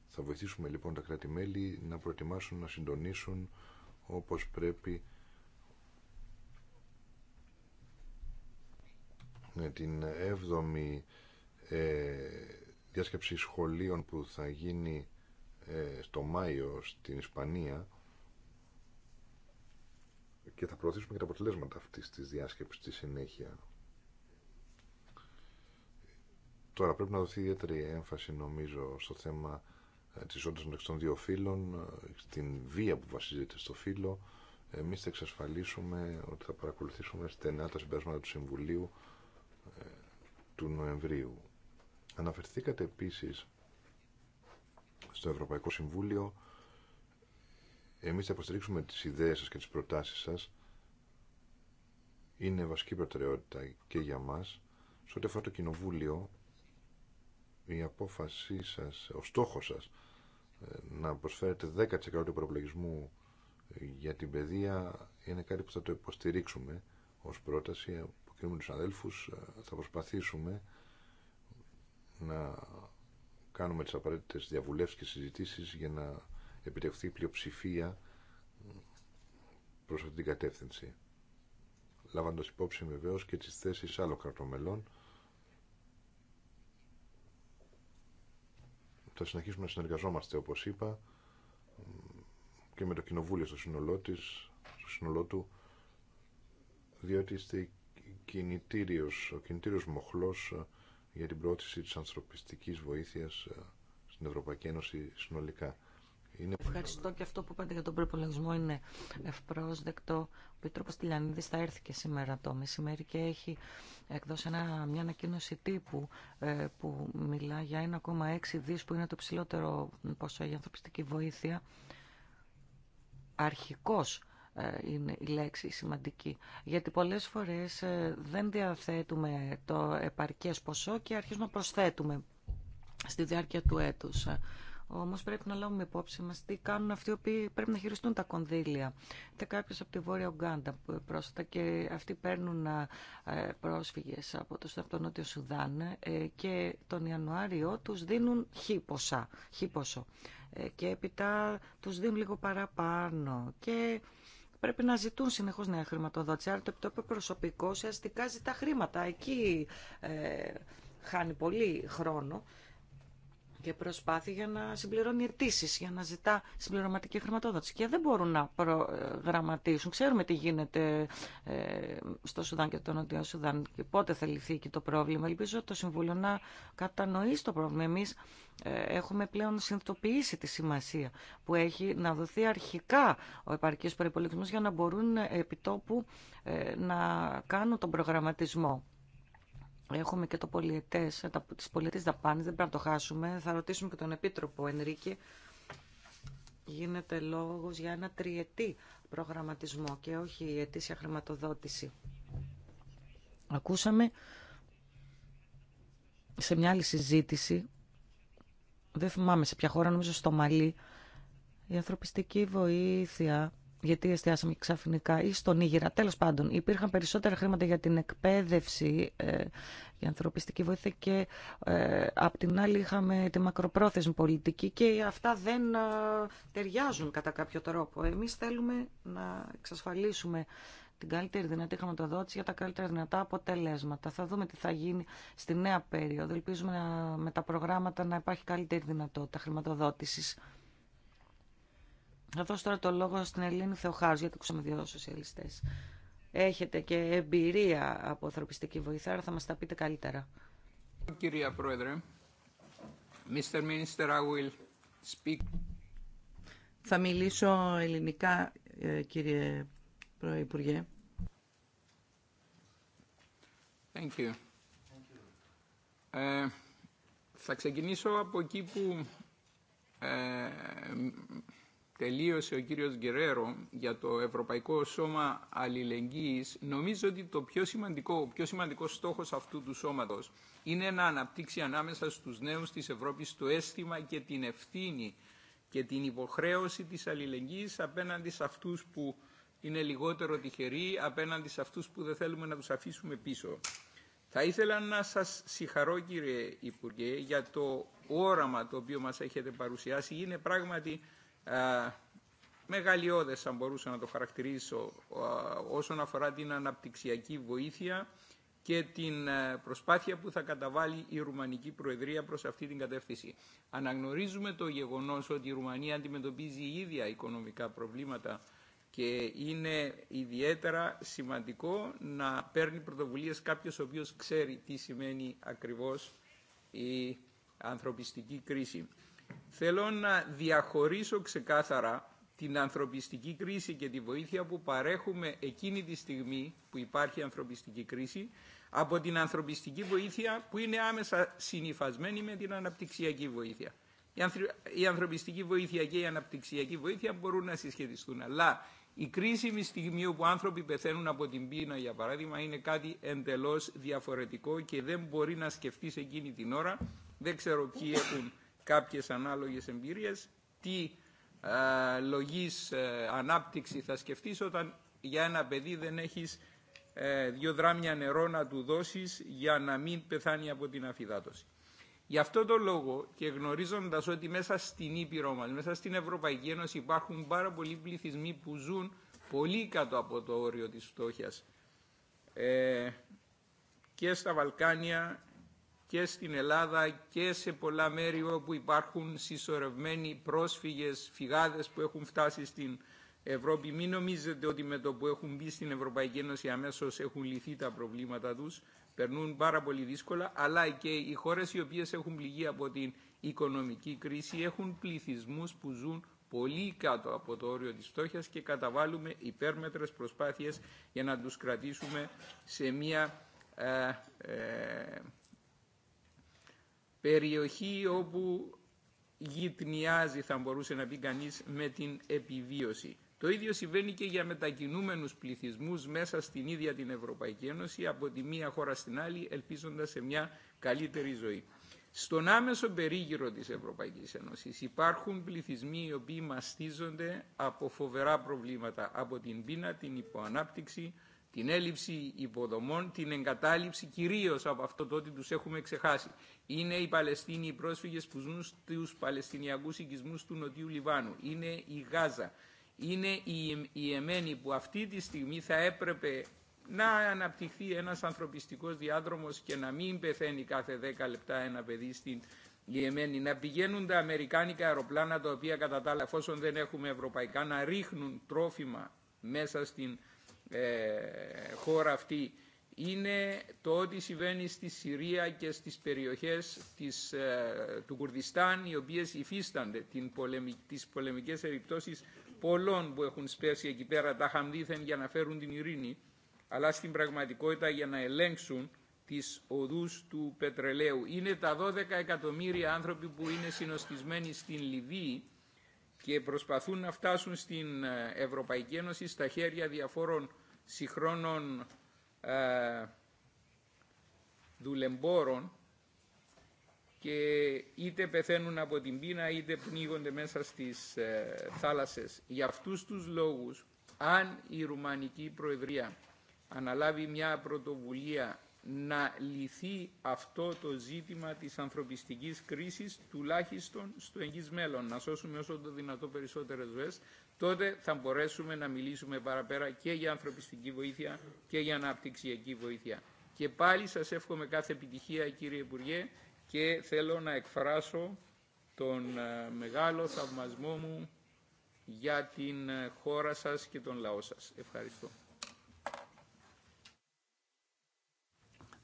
Θα βοηθήσουμε λοιπόν τα κράτη-μέλη να προετοιμάσουν, να συντονίσουν όπως πρέπει την 7η ε, διάσκεψη σχολείων που θα γίνει ε, στο Μάιο στην Ισπανία και θα προωθήσουμε και τα αποτελέσματα αυτής της διάσκεψης στη συνέχεια. Τώρα πρέπει να δοθεί ιδιαίτερη έμφαση νομίζω στο θέμα ε, της όντας μεταξύ των δύο φύλων, στην βία που βασίζεται στο φύλλο. Εμείς θα εξασφαλίσουμε ότι θα παρακολουθήσουμε στενά τα συμπέρασματα του Συμβουλίου του Νοεμβρίου. Αναφερθήκατε επίσης στο Ευρωπαϊκό Συμβούλιο. Εμείς θα υποστηρίξουμε τις ιδέες σας και τις προτάσεις σας. Είναι βασική προτεραιότητα και για μας. Σε ό,τι αφορά το Κοινοβούλιο, η απόφασή σας, ο στόχος σας, ε, να προσφέρετε 10% του για την παιδεία είναι κάτι που θα το υποστηρίξουμε ως πρόταση από κοινού αδέλφους ε, θα προσπαθήσουμε να κάνουμε τις απαραίτητες διαβουλεύσεις και συζητήσεις για να επιτευχθεί πλειοψηφία προς αυτήν την κατεύθυνση. Λάβαντα υπόψη βεβαίως και τις θέσεις άλλων κρατομελών θα συνεχίσουμε να συνεργαζόμαστε όπως είπα και με το κοινοβούλιο στο σύνολό, της, στο σύνολό του διότι είστε κινητήριος, ο κινητήριος μοχλός για την πρόθεση της ανθρωπιστικής βοήθειας ε, στην Ευρωπαϊκή Ένωση συνολικά. Είναι... Ευχαριστώ και αυτό που είπατε για τον προπολογισμό είναι ευπρόσδεκτο. Ο Πίτροπο Τηλιανίδη θα έρθει και σήμερα το μεσημέρι και έχει εκδώσει ένα, μια ανακοίνωση τύπου ε, που μιλά για 1,6 δι που είναι το ψηλότερο ποσό για ανθρωπιστική βοήθεια. Αρχικώ. Ε, είναι η λέξη σημαντική. Γιατί πολλές φορές ε, δεν διαθέτουμε το επαρκές ποσό και αρχίζουμε να προσθέτουμε στη διάρκεια του έτους. Ε, όμως πρέπει να λάβουμε υπόψη μας τι κάνουν αυτοί οι οποίοι πρέπει να χειριστούν τα κονδύλια. Είτε κάποιος από τη Βόρεια Ουγγάντα και αυτοί παίρνουν πρόσφυγες από το, από Νότιο Σουδάν και τον Ιανουάριο τους δίνουν χίποσο. Και έπειτα τους δίνουν λίγο παραπάνω και πρέπει να ζητούν συνεχώ νέα χρηματοδότηση. Άρα το επιτόπιο προσωπικό ουσιαστικά ζητά χρήματα. Εκεί ε, χάνει πολύ χρόνο και προσπάθει για να συμπληρώνει αιτήσει, για να ζητά συμπληρωματική χρηματοδότηση. Και δεν μπορούν να προγραμματίσουν. Ξέρουμε τι γίνεται ε, στο Σουδάν και το Νότιο Σουδάν και πότε θα λυθεί και το πρόβλημα. Ελπίζω το Συμβούλιο να κατανοήσει το πρόβλημα. Εμεί ε, έχουμε πλέον συνειδητοποιήσει τη σημασία που έχει να δοθεί αρχικά ο επαρκή προπολογισμό για να μπορούν επιτόπου ε, να κάνουν τον προγραμματισμό Έχουμε και το πολιετές, τις πολιετέ δαπάνες, δεν πρέπει να το χάσουμε. Θα ρωτήσουμε και τον Επίτροπο Ενρίκη. Γίνεται λόγος για ένα τριετή προγραμματισμό και όχι η ετήσια χρηματοδότηση. Ακούσαμε σε μια άλλη συζήτηση, δεν θυμάμαι σε ποια χώρα, νομίζω στο Μαλί, η ανθρωπιστική βοήθεια γιατί εστιάσαμε ξαφνικά ή στον Ήγηρα. Τέλο πάντων, υπήρχαν περισσότερα χρήματα για την εκπαίδευση, ε, για ανθρωπιστική βοήθεια και ε, απ' την άλλη είχαμε τη μακροπρόθεσμη πολιτική και αυτά δεν ε, ταιριάζουν κατά κάποιο τρόπο. Εμείς θέλουμε να εξασφαλίσουμε την καλύτερη δυνατή χρηματοδότηση για τα καλύτερα δυνατά αποτελέσματα. Θα δούμε τι θα γίνει στη νέα περίοδο. Ελπίζουμε με τα προγράμματα να υπάρχει καλύτερη δυνατότητα χρηματοδότησης. Θα δώσω τώρα το λόγο στην Ελλήνη Θεοχάρου γιατί ακούσαμε δύο σοσιαλιστέ. Έχετε και εμπειρία από ανθρωπιστική βοήθεια, θα μας τα πείτε καλύτερα. Κυρία Πρόεδρε, Mr. Minister, I will speak. Θα μιλήσω ελληνικά, ε, κύριε Πρωθυπουργέ. Thank you. Ε, θα ξεκινήσω από εκεί που ε, τελείωσε ο κύριος Γκερέρο για το Ευρωπαϊκό Σώμα Αλληλεγγύης, νομίζω ότι το πιο σημαντικό, ο πιο σημαντικός στόχος αυτού του σώματος είναι να αναπτύξει ανάμεσα στους νέους της Ευρώπης το αίσθημα και την ευθύνη και την υποχρέωση της αλληλεγγύης απέναντι σε αυτούς που είναι λιγότερο τυχεροί, απέναντι σε αυτούς που δεν θέλουμε να τους αφήσουμε πίσω. Θα ήθελα να σας συγχαρώ κύριε Υπουργέ για το όραμα το οποίο μας έχετε παρουσιάσει. Είναι πράγματι ε, μεγαλειώδες αν μπορούσα να το χαρακτηρίσω όσον αφορά την αναπτυξιακή βοήθεια και την ε, προσπάθεια που θα καταβάλει η Ρουμανική Προεδρία προς αυτή την κατεύθυνση. Αναγνωρίζουμε το γεγονός ότι η Ρουμανία αντιμετωπίζει ίδια οικονομικά προβλήματα και είναι ιδιαίτερα σημαντικό να παίρνει πρωτοβουλίες κάποιος ο οποίος ξέρει τι σημαίνει ακριβώς η ανθρωπιστική κρίση. Θέλω να διαχωρίσω ξεκάθαρα την ανθρωπιστική κρίση και τη βοήθεια που παρέχουμε εκείνη τη στιγμή που υπάρχει ανθρωπιστική κρίση από την ανθρωπιστική βοήθεια που είναι άμεσα συνειφασμένη με την αναπτυξιακή βοήθεια. Η ανθρωπιστική βοήθεια και η αναπτυξιακή βοήθεια μπορούν να συσχετιστούν. Αλλά η κρίσιμη στιγμή όπου άνθρωποι πεθαίνουν από την πείνα, για παράδειγμα, είναι κάτι εντελώς διαφορετικό και δεν μπορεί να σκεφτεί εκείνη την ώρα. Δεν ξέρω ποιοι έχουν κάποιες ανάλογες εμπειρίες, τι ε, λογής ε, ανάπτυξη θα σκεφτείς όταν για ένα παιδί δεν έχεις ε, δύο δράμια νερό να του δώσεις για να μην πεθάνει από την αφυδάτωση. Γι' αυτό το λόγο και γνωρίζοντας ότι μέσα στην Ήπειρο μας, μέσα στην Ευρωπαϊκή Ένωση υπάρχουν πάρα πολλοί πληθυσμοί που ζουν πολύ κάτω από το όριο της φτώχειας ε, και στα Βαλκάνια και στην Ελλάδα και σε πολλά μέρη όπου υπάρχουν συσσωρευμένοι πρόσφυγες, φυγάδες που έχουν φτάσει στην Ευρώπη. Μην νομίζετε ότι με το που έχουν μπει στην Ευρωπαϊκή Ένωση αμέσως έχουν λυθεί τα προβλήματα τους. Περνούν πάρα πολύ δύσκολα, αλλά και οι χώρες οι οποίες έχουν πληγεί από την οικονομική κρίση έχουν πληθυσμούς που ζουν πολύ κάτω από το όριο της φτώχειας και καταβάλουμε υπέρμετρες προσπάθειες για να τους κρατήσουμε σε μια ε, ε, περιοχή όπου γυτνιάζει θα μπορούσε να πει κανείς με την επιβίωση. Το ίδιο συμβαίνει και για μετακινούμενους πληθυσμούς μέσα στην ίδια την Ευρωπαϊκή Ένωση από τη μία χώρα στην άλλη ελπίζοντας σε μια καλύτερη ζωή. Στον άμεσο περίγυρο της Ευρωπαϊκής Ένωσης υπάρχουν πληθυσμοί οι οποίοι μαστίζονται από φοβερά προβλήματα, από την πείνα, την υποανάπτυξη, την έλλειψη υποδομών, την εγκατάλειψη κυρίως από αυτό το ότι τους έχουμε ξεχάσει. Είναι οι Παλαιστίνοι οι πρόσφυγες που ζουν στους Παλαιστινιακούς οικισμούς του Νοτιού Λιβάνου. Είναι η Γάζα. Είναι η Εμένη που αυτή τη στιγμή θα έπρεπε να αναπτυχθεί ένας ανθρωπιστικός διάδρομος και να μην πεθαίνει κάθε 10 λεπτά ένα παιδί στην Εμένη. Να πηγαίνουν τα αμερικάνικα αεροπλάνα τα οποία κατά τα άλλα εφόσον δεν έχουμε ευρωπαϊκά να ρίχνουν τρόφιμα μέσα στην ε, χώρα αυτή είναι το ότι συμβαίνει στη Συρία και στις περιοχές της, ε, του Κουρδιστάν οι οποίες υφίστανται την πολεμικέ τις πολεμικές επιπτώσεις πολλών που έχουν σπέσει εκεί πέρα τα χαμδίθεν για να φέρουν την ειρήνη αλλά στην πραγματικότητα για να ελέγξουν τις οδούς του πετρελαίου. Είναι τα 12 εκατομμύρια άνθρωποι που είναι συνοστισμένοι στην Λιβύη και προσπαθούν να φτάσουν στην ε, Ευρωπαϊκή Ένωση στα χέρια διαφόρων συγχρόνων ε, δουλεμπόρων και είτε πεθαίνουν από την πείνα είτε πνίγονται μέσα στις ε, θάλασσες. Για αυτούς τους λόγους, αν η Ρουμανική Προεδρία αναλάβει μια πρωτοβουλία να λυθεί αυτό το ζήτημα της ανθρωπιστικής κρίσης τουλάχιστον στο εγγύς μέλλον, να σώσουμε όσο το δυνατό περισσότερες ζωές, τότε θα μπορέσουμε να μιλήσουμε παραπέρα και για ανθρωπιστική βοήθεια και για αναπτυξιακή βοήθεια. Και πάλι σας εύχομαι κάθε επιτυχία κύριε Υπουργέ και θέλω να εκφράσω τον ε, μεγάλο θαυμασμό μου για την ε, χώρα σας και τον λαό σας. Ευχαριστώ.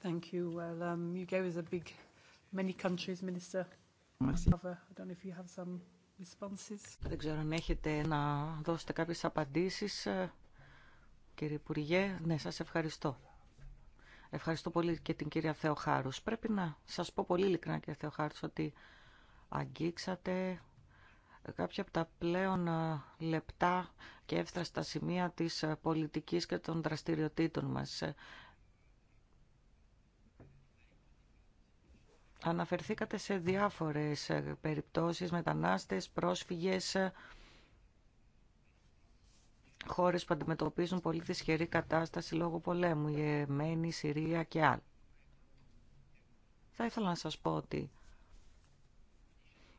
Thank you. Well, um, you gave us a big, many countries, Minister. Merci. I don't know if you have some responses. Δεν ξέρω αν έχετε να δώσετε κάποιες απαντήσεις, ε, κύριε Υπουργέ. Ναι, σας ευχαριστώ. Ευχαριστώ πολύ και την κυρία Θεοχάρους. Πρέπει να σας πω πολύ ειλικρινά, κύριε Θεοχάρους, ότι αγγίξατε κάποια από τα πλέον ε, λεπτά και εύθραστα σημεία της ε, πολιτικής και των δραστηριοτήτων μας. Αναφερθήκατε σε διάφορες ε, περιπτώσεις, μετανάστες, πρόσφυγες, ε, χώρες που αντιμετωπίζουν πολύ δυσχερή κατάσταση λόγω πολέμου, η Εμένη, η Συρία και άλλα. Θα ήθελα να σας πω ότι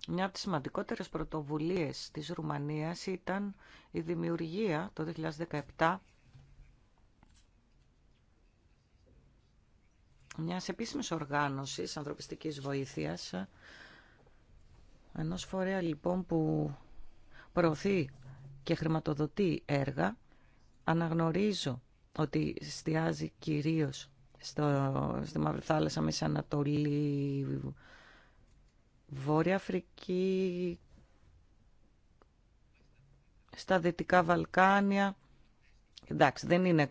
μια από τις σημαντικότερες πρωτοβουλίες της Ρουμανίας ήταν η δημιουργία το 2017 μιας επίσημης οργάνωσης ανθρωπιστικής βοήθειας, ενός φορέα λοιπόν που προωθεί και χρηματοδοτεί έργα, αναγνωρίζω ότι εστιάζει κυρίως στο, στη Μαύρη Θάλασσα, Μέση Ανατολή, Βόρεια Αφρική, στα Δυτικά Βαλκάνια. Εντάξει, δεν είναι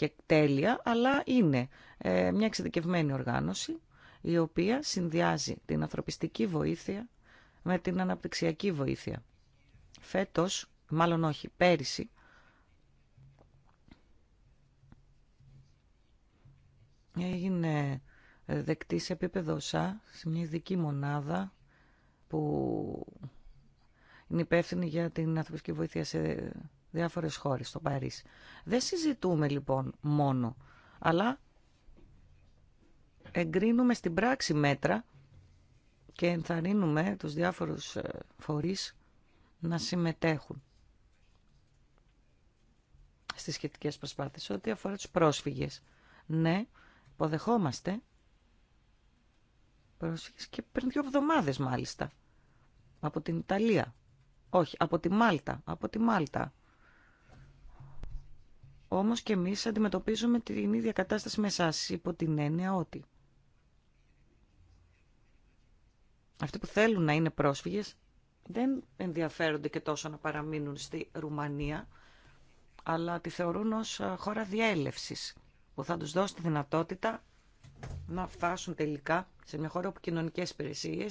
και τέλεια, αλλά είναι ε, μια εξειδικευμένη οργάνωση η οποία συνδυάζει την ανθρωπιστική βοήθεια με την αναπτυξιακή βοήθεια. Φέτος, μάλλον όχι, πέρυσι, έγινε ε, δεκτή σε επίπεδο ΣΑ, σε μια ειδική μονάδα που είναι υπεύθυνη για την ανθρωπιστική βοήθεια σε διάφορες χώρες στο Παρίσι. Δεν συζητούμε λοιπόν μόνο, αλλά εγκρίνουμε στην πράξη μέτρα και ενθαρρύνουμε τους διάφορους ε, φορείς να συμμετέχουν στις σχετικές προσπάθειες ό,τι αφορά τους πρόσφυγες. Ναι, υποδεχόμαστε πρόσφυγες και πριν δύο εβδομάδες μάλιστα από την Ιταλία. Όχι, από τη Μάλτα, από τη Μάλτα. Όμως και εμείς αντιμετωπίζουμε την ίδια κατάσταση με εσάς, υπό την έννοια ότι αυτοί που θέλουν να είναι πρόσφυγες δεν ενδιαφέρονται και τόσο να παραμείνουν στη Ρουμανία, αλλά τη θεωρούν ως χώρα διέλευσης, που θα τους δώσει τη δυνατότητα να φτάσουν τελικά σε μια χώρα όπου κοινωνικέ υπηρεσίε,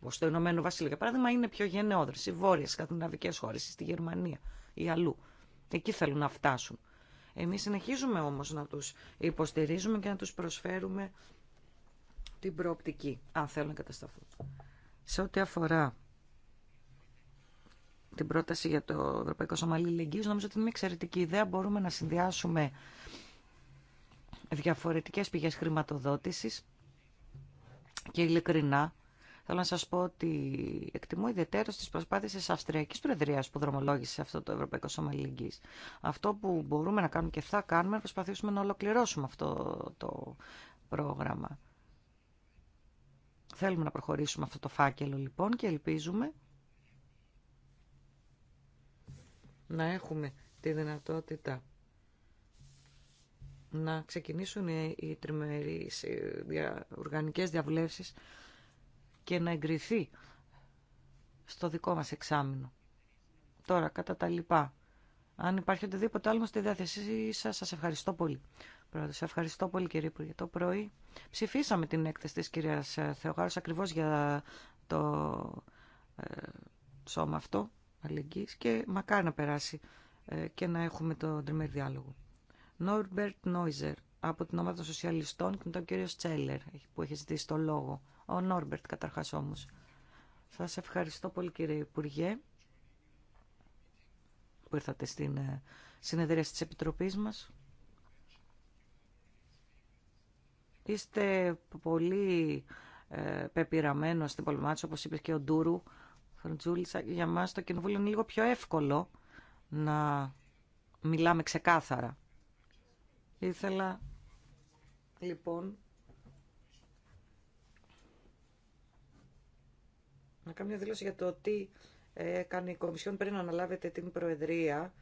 όπω το Ηνωμένο Βασίλειο για παράδειγμα, είναι πιο γενναιόδρε, οι βόρειε σκανδιναβικέ χώρε, στη Γερμανία ή αλλού. Εκεί θέλουν να φτάσουν. Εμείς συνεχίζουμε όμως να τους υποστηρίζουμε και να τους προσφέρουμε την προοπτική, αν θέλουν να κατασταθούν. Σε ό,τι αφορά την πρόταση για το Ευρωπαϊκό Σωμαλή Λεγγύης, νομίζω ότι είναι μια εξαιρετική ιδέα. Μπορούμε να συνδυάσουμε διαφορετικές πηγές χρηματοδότησης και ειλικρινά Θέλω να σας πω ότι εκτιμώ ιδιαίτερω τι προσπάθειες τη Αυστριακή Προεδρίας που δρομολόγησε αυτό το Ευρωπαϊκό Σώμα Αλληλεγγύη. Αυτό που μπορούμε να κάνουμε και θα κάνουμε, να προσπαθήσουμε να ολοκληρώσουμε αυτό το πρόγραμμα. Θέλουμε να προχωρήσουμε αυτό το φάκελο λοιπόν και ελπίζουμε να έχουμε τη δυνατότητα να ξεκινήσουν οι τριμερείς οι οργανικές διαβουλεύσεις και να εγκριθεί στο δικό μας εξάμεινο. Τώρα, κατά τα λοιπά. Αν υπάρχει οτιδήποτε άλλο στη διάθεσή σα, σα ευχαριστώ πολύ. Πρόεδρε, ευχαριστώ πολύ κύριε Υπουργέ. Το πρωί ψηφίσαμε την έκθεση τη κυρία ε, Θεοχάρου ακριβώ για το ε, σώμα αυτό αλληλεγγύη και μακάρι να περάσει ε, και να έχουμε τον τριμερή διάλογο. Νόρμπερτ Νόιζερ από την ομάδα των Σοσιαλιστών και τον κύριο Τσέλερ που έχει ζητήσει το λόγο. Ο Νόρμπερτ καταρχάς όμως. Σας ευχαριστώ πολύ κύριε Υπουργέ που ήρθατε στην ε, συνεδρία της Επιτροπής μας. Είστε πολύ ε, πεπειραμένος στην πολυμάτια, όπως είπε και ο Ντούρου Για μας το κοινοβούλιο είναι λίγο πιο εύκολο να μιλάμε ξεκάθαρα. Ήθελα λοιπόν να κάνω μια δήλωση για το τι έκανε η Κομισιόν πριν αναλάβετε την Προεδρία.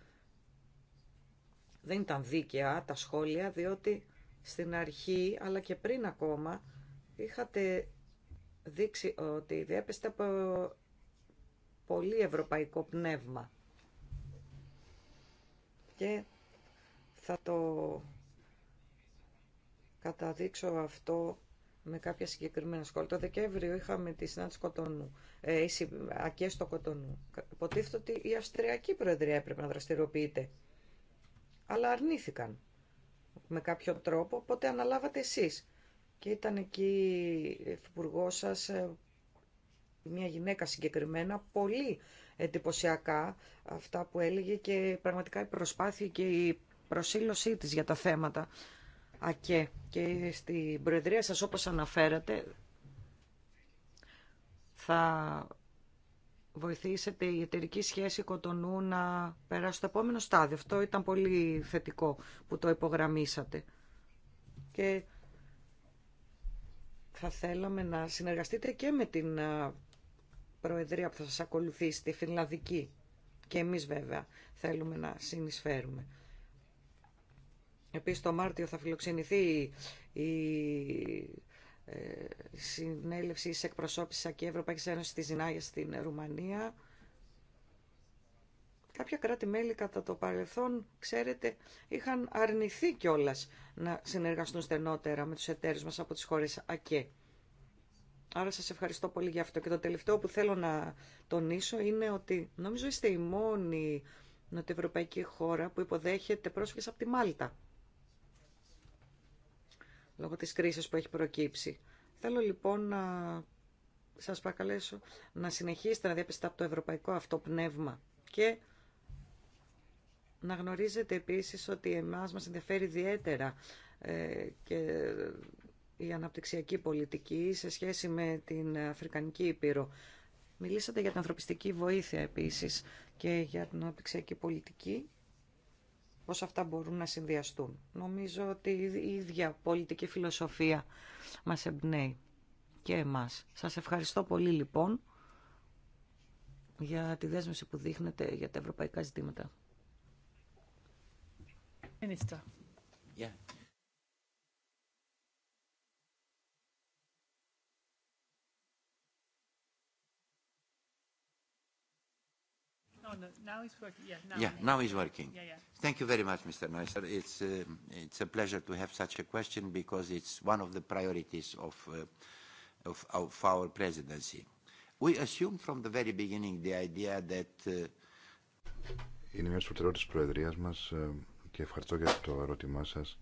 Δεν ήταν δίκαια τα σχόλια, διότι στην αρχή, αλλά και πριν ακόμα, είχατε δείξει ότι διέπεστε από πολύ ευρωπαϊκό πνεύμα. Και θα το καταδείξω αυτό με κάποια συγκεκριμένα σχόλια. Το Δεκέμβριο είχαμε τη συνάντηση Κοτονού, ε, ακέ στο Κοτονού. Υποτίθεται ότι η Αυστριακή Προεδρία έπρεπε να δραστηριοποιείται. Αλλά αρνήθηκαν με κάποιο τρόπο, οπότε αναλάβατε εσείς. Και ήταν εκεί η σας, ε, μια γυναίκα συγκεκριμένα, πολύ εντυπωσιακά αυτά που έλεγε και πραγματικά η προσπάθεια και η προσήλωσή της για τα θέματα ΑΚΕ και στην Προεδρία σας όπως αναφέρατε θα βοηθήσετε η εταιρική σχέση κοτονού να περάσει στο επόμενο στάδιο. Αυτό ήταν πολύ θετικό που το υπογραμμίσατε. Και θα θέλαμε να συνεργαστείτε και με την Προεδρία που θα σας ακολουθήσει, τη Φινλανδική. Και εμείς βέβαια θέλουμε να συνεισφέρουμε. Επίσης το Μάρτιο θα φιλοξενηθεί η ε, συνέλευση τη εκπροσώπησης και Ευρωπαϊκή Ένωση τη Ζινάγια στην Ρουμανία. Κάποια κράτη-μέλη κατά το παρελθόν, ξέρετε, είχαν αρνηθεί κιόλα να συνεργαστούν στενότερα με τους εταίρους μας από τις χώρες ΑΚΕ. Άρα σας ευχαριστώ πολύ για αυτό. Και το τελευταίο που θέλω να τονίσω είναι ότι νομίζω είστε η μόνη νοτιευρωπαϊκή χώρα που υποδέχεται πρόσφυγες από τη Μάλτα λόγω της κρίσης που έχει προκύψει. Θέλω λοιπόν να σας παρακαλέσω να συνεχίσετε να διαπιστείτε από το ευρωπαϊκό αυτό πνεύμα και να γνωρίζετε επίσης ότι εμάς μας ενδιαφέρει ιδιαίτερα ε, και η αναπτυξιακή πολιτική σε σχέση με την Αφρικανική Ήπειρο. Μιλήσατε για την ανθρωπιστική βοήθεια επίσης και για την αναπτυξιακή πολιτική πώς αυτά μπορούν να συνδυαστούν. Νομίζω ότι η ίδια πολιτική φιλοσοφία μας εμπνέει και εμάς. Σας ευχαριστώ πολύ λοιπόν για τη δέσμευση που δείχνετε για τα ευρωπαϊκά ζητήματα. now it's working. Yeah, now it's working. Thank you very much, Mr. Neusser. It's, it's a pleasure to have such a question because it's one of the priorities of, of, of our presidency. We assumed from the very beginning the idea that... Είναι μια σωτερότητα της Προεδρίας μας και ευχαριστώ για το ερώτημά σας.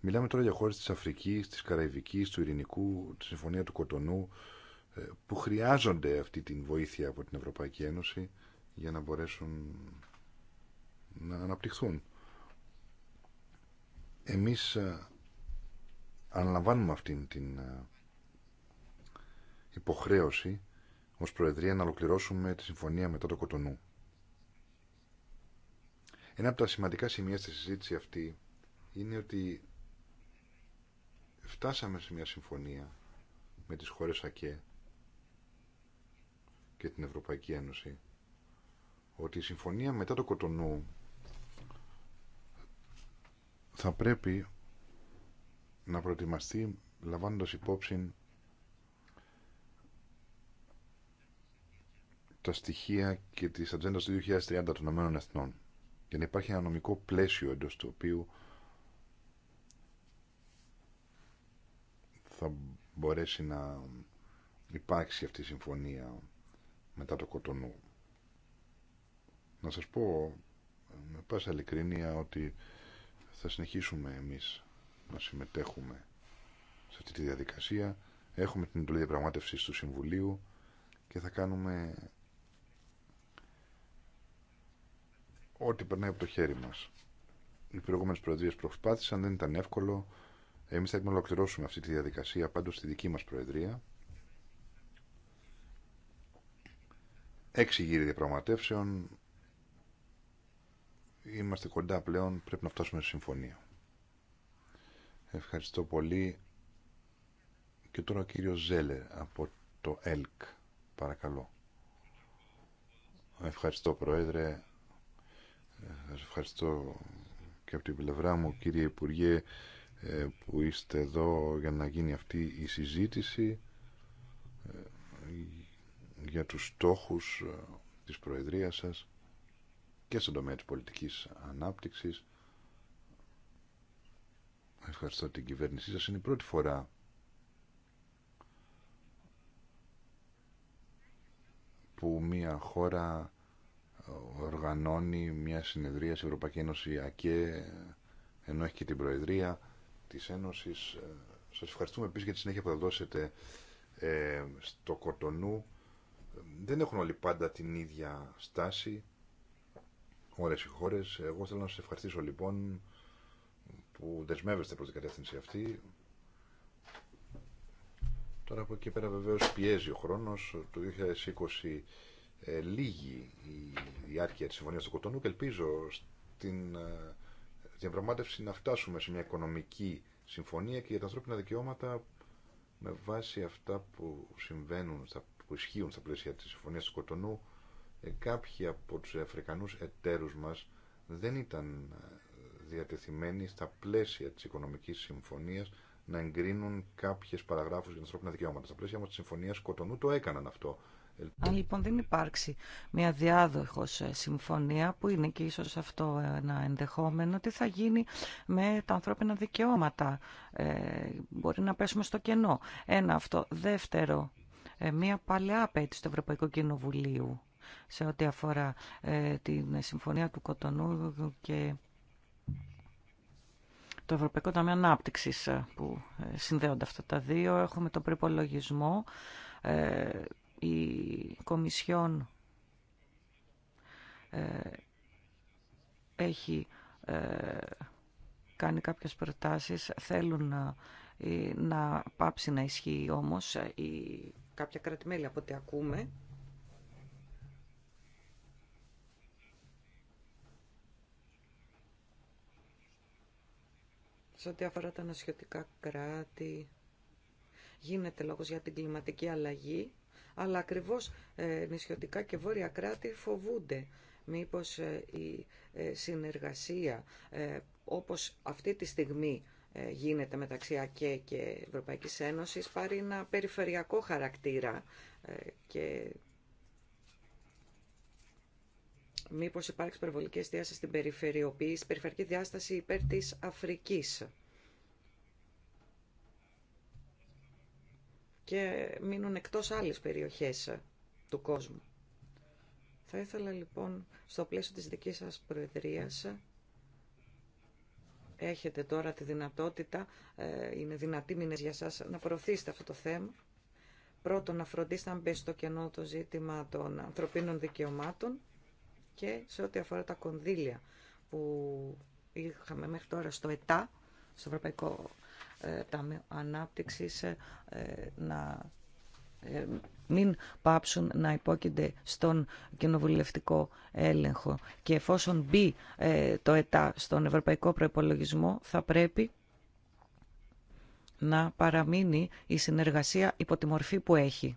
Μιλάμε τώρα για χώρες της Αφρικής, της Καραϊβικής, του Ειρηνικού, τη Συμφωνία του Κοτονού, ε, που χρειάζονται αυτή την βοήθεια από την Ευρωπαϊκή Ένωση για να μπορέσουν να αναπτυχθούν. Εμείς ε, αναλαμβάνουμε αυτήν την ε, υποχρέωση ως Προεδρία να ολοκληρώσουμε τη συμφωνία μετά το Κοτονού. Ένα από τα σημαντικά σημεία στη συζήτηση αυτή είναι ότι φτάσαμε σε μια συμφωνία με τις χώρες ΑΚΕ και την Ευρωπαϊκή Ένωση ότι η συμφωνία μετά το Κοτονού θα πρέπει να προετοιμαστεί λαμβάνοντας υπόψη τα στοιχεία και τις ατζέντα του 2030 των ΟΕΕ Εθνών για να υπάρχει ένα νομικό πλαίσιο εντός του οποίου θα μπορέσει να υπάρξει αυτή η συμφωνία μετά το Κοτονού. Να σας πω με πάσα ειλικρίνεια ότι θα συνεχίσουμε εμείς να συμμετέχουμε σε αυτή τη διαδικασία. Έχουμε την εντολή διαπραγμάτευση του Συμβουλίου και θα κάνουμε ό,τι περνάει από το χέρι μας. Οι προηγούμενε προεδρίες προσπάθησαν, δεν ήταν εύκολο. Εμείς θα την ολοκληρώσουμε αυτή τη διαδικασία πάντως στη δική μας προεδρία Έξι γύρι διαπραγματεύσεων. Είμαστε κοντά πλέον, πρέπει να φτάσουμε σε συμφωνία. Ευχαριστώ πολύ. Και τώρα ο κύριος Ζέλε από το ΕΛΚ. Παρακαλώ. Ευχαριστώ Πρόεδρε. Ε, σας ευχαριστώ και από την πλευρά μου κύριε Υπουργέ ε, που είστε εδώ για να γίνει αυτή η συζήτηση ε, για τους στόχους ε, της Προεδρίας σας και στον τομέα της πολιτικής ανάπτυξης. Ευχαριστώ την κυβέρνησή σας. Είναι η πρώτη φορά που μια χώρα ε, οργανώνει μια συνεδρία σε Ευρωπαϊκή Ένωση ΑΚΕ ενώ έχει και την Προεδρία της Ένωσης. Ε, σας ευχαριστούμε επίσης για τη συνέχεια που θα δώσετε στο Κοτονού δεν έχουν όλοι πάντα την ίδια στάση ώρες οι χώρες. Εγώ θέλω να σας ευχαριστήσω λοιπόν που δεσμεύεστε προς την κατεύθυνση αυτή. Τώρα από εκεί πέρα βεβαίως πιέζει ο χρόνος. Το 2020 ε, λίγη η διάρκεια της Συμφωνίας του Κοτονού και ελπίζω στην ε, διαπραγμάτευση να φτάσουμε σε μια οικονομική συμφωνία και για τα ανθρώπινα δικαιώματα με βάση αυτά που συμβαίνουν στα που ισχύουν στα πλαίσια της Συμφωνίας του Κοτονού, ε, κάποιοι από τους Αφρικανούς εταίρους μας δεν ήταν ε, διατεθειμένοι στα πλαίσια της Οικονομικής Συμφωνίας να εγκρίνουν κάποιες παραγράφους για τα ανθρώπινα δικαιώματα. Στα πλαίσια όμως της Συμφωνίας Κοτονού το έκαναν αυτό. Αν λοιπόν δεν υπάρξει μια διάδοχος ε, συμφωνία που είναι και ίσως αυτό ένα ενδεχόμενο, τι θα γίνει με τα ανθρώπινα δικαιώματα. Ε, μπορεί να πέσουμε στο κενό. Ένα αυτό. Δεύτερο, ε, μια παλαιά απέτηση του Ευρωπαϊκού Κοινοβουλίου σε ό,τι αφορά ε, την Συμφωνία του Κοτονού και το Ευρωπαϊκό Ταμείο Ανάπτυξη ε, που συνδέονται αυτά τα δύο. Έχουμε τον προπολογισμό. η Κομισιόν έχει κάνει κάποιες προτάσεις. Θέλουν να πάψει να ισχύει όμως η κάποια κρατημέλη από ό,τι ακούμε. Σε ό,τι αφορά τα νοσιωτικά κράτη, γίνεται λόγος για την κλιματική αλλαγή, αλλά ακριβώς ε, νησιωτικά και βόρεια κράτη φοβούνται μήπως ε, η ε, συνεργασία ε, όπως αυτή τη στιγμή ε, γίνεται μεταξύ ΑΚΕ και Ευρωπαϊκής Ένωσης πάρει ένα περιφερειακό χαρακτήρα ε, και μήπως υπάρξει υπερβολική εστίαση στην περιφερειοποίηση, περιφερειακή διάσταση υπέρ της Αφρικής. Και μείνουν εκτός άλλες περιοχές του κόσμου. Θα ήθελα λοιπόν στο πλαίσιο της δικής σας προεδρίας έχετε τώρα τη δυνατότητα, ε, είναι δυνατή μήνες για σας, να προωθήσετε αυτό το θέμα. Πρώτον, να φροντίσετε να μπει στο κενό το ζήτημα των ανθρωπίνων δικαιωμάτων και σε ό,τι αφορά τα κονδύλια που είχαμε μέχρι τώρα στο ΕΤΑ, στο Ευρωπαϊκό ε, Ταμείο Ανάπτυξης, ε, να μην πάψουν να υπόκεινται στον κοινοβουλευτικό έλεγχο. Και εφόσον μπει ε, το ΕΤΑ στον ευρωπαϊκό προπολογισμό, θα πρέπει να παραμείνει η συνεργασία υπό τη μορφή που έχει.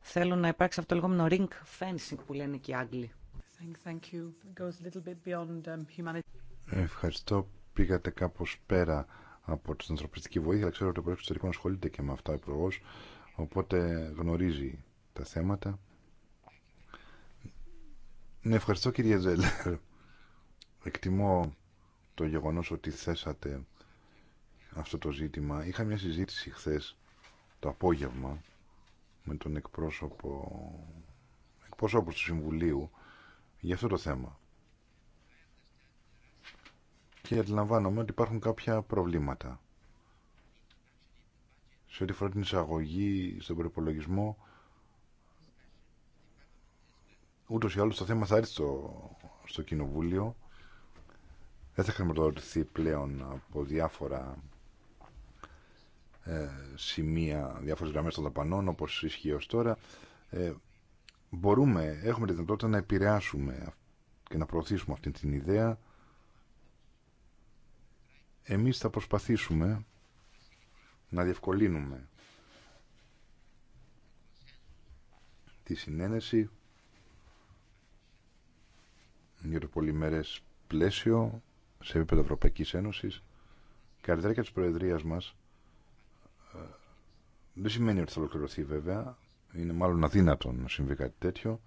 Θέλω να υπάρξει αυτό το λεγόμενο ring fencing που λένε και οι Άγγλοι. Ευχαριστώ. Πήγατε κάπως πέρα από την ανθρωπιστική βοήθεια. Ξέρω ότι ο ασχολείται και με αυτά. Ο οπότε γνωρίζει τα θέματα. Ναι, ευχαριστώ κύριε Ζέλερ. Εκτιμώ το γεγονός ότι θέσατε αυτό το ζήτημα. Είχα μια συζήτηση χθες το απόγευμα με τον εκπρόσωπο εκπρόσωπο του Συμβουλίου για αυτό το θέμα. Και αντιλαμβάνομαι ότι υπάρχουν κάποια προβλήματα σε ό,τι φορά την εισαγωγή στον προπολογισμό ούτως ή άλλως το θέμα θα έρθει στο, στο Κοινοβούλιο δεν θα χρηματοδοτηθεί πλέον από διάφορα ε, σημεία, διάφορες γραμμές των δαπανών όπως ισχύει ως τώρα ε, μπορούμε, έχουμε τη δυνατότητα να επηρεάσουμε και να προωθήσουμε αυτή την ιδέα εμείς θα προσπαθήσουμε να διευκολύνουμε τη συνένεση για το πολυμερές πλαίσιο σε επίπεδο Ευρωπαϊκής Ένωσης και αριστερά της Προεδρίας μας ε, δεν σημαίνει ότι θα ολοκληρωθεί βέβαια είναι μάλλον αδύνατο να συμβεί κάτι τέτοιο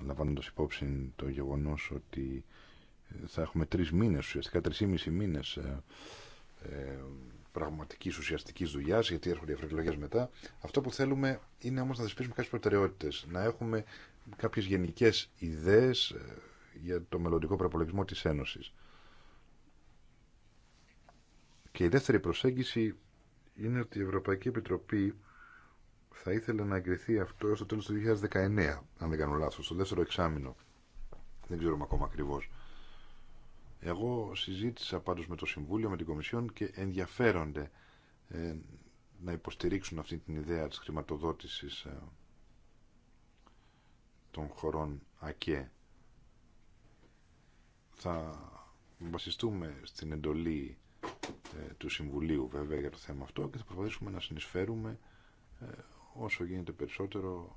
λαμβάνοντα υπόψη το γεγονός ότι θα έχουμε τρεις μήνες ουσιαστικά τρεις ή μισή μήνες ε, πραγματική ουσιαστική δουλειά, γιατί έρχονται οι ευρωεκλογέ μετά. Αυτό που θέλουμε είναι όμω να θεσπίσουμε κάποιε προτεραιότητε, να έχουμε κάποιε γενικέ ιδέε ε, για το μελλοντικό προπολογισμό τη Ένωση. Και η δεύτερη προσέγγιση είναι ότι η Ευρωπαϊκή Επιτροπή θα ήθελε να εγκριθεί αυτό στο το τέλος του 2019, αν δεν κάνω λάθος, στο δεύτερο εξάμεινο. Δεν ξέρουμε ακόμα ακριβώς. Εγώ συζήτησα πάντως με το Συμβούλιο, με την Κομισιόν και ενδιαφέρονται ε, να υποστηρίξουν αυτή την ιδέα της χρηματοδότησης ε, των χωρών ΑΚΕ. Θα βασιστούμε στην εντολή ε, του Συμβουλίου βέβαια για το θέμα αυτό και θα προσπαθήσουμε να συνεισφέρουμε όσο γίνεται περισσότερο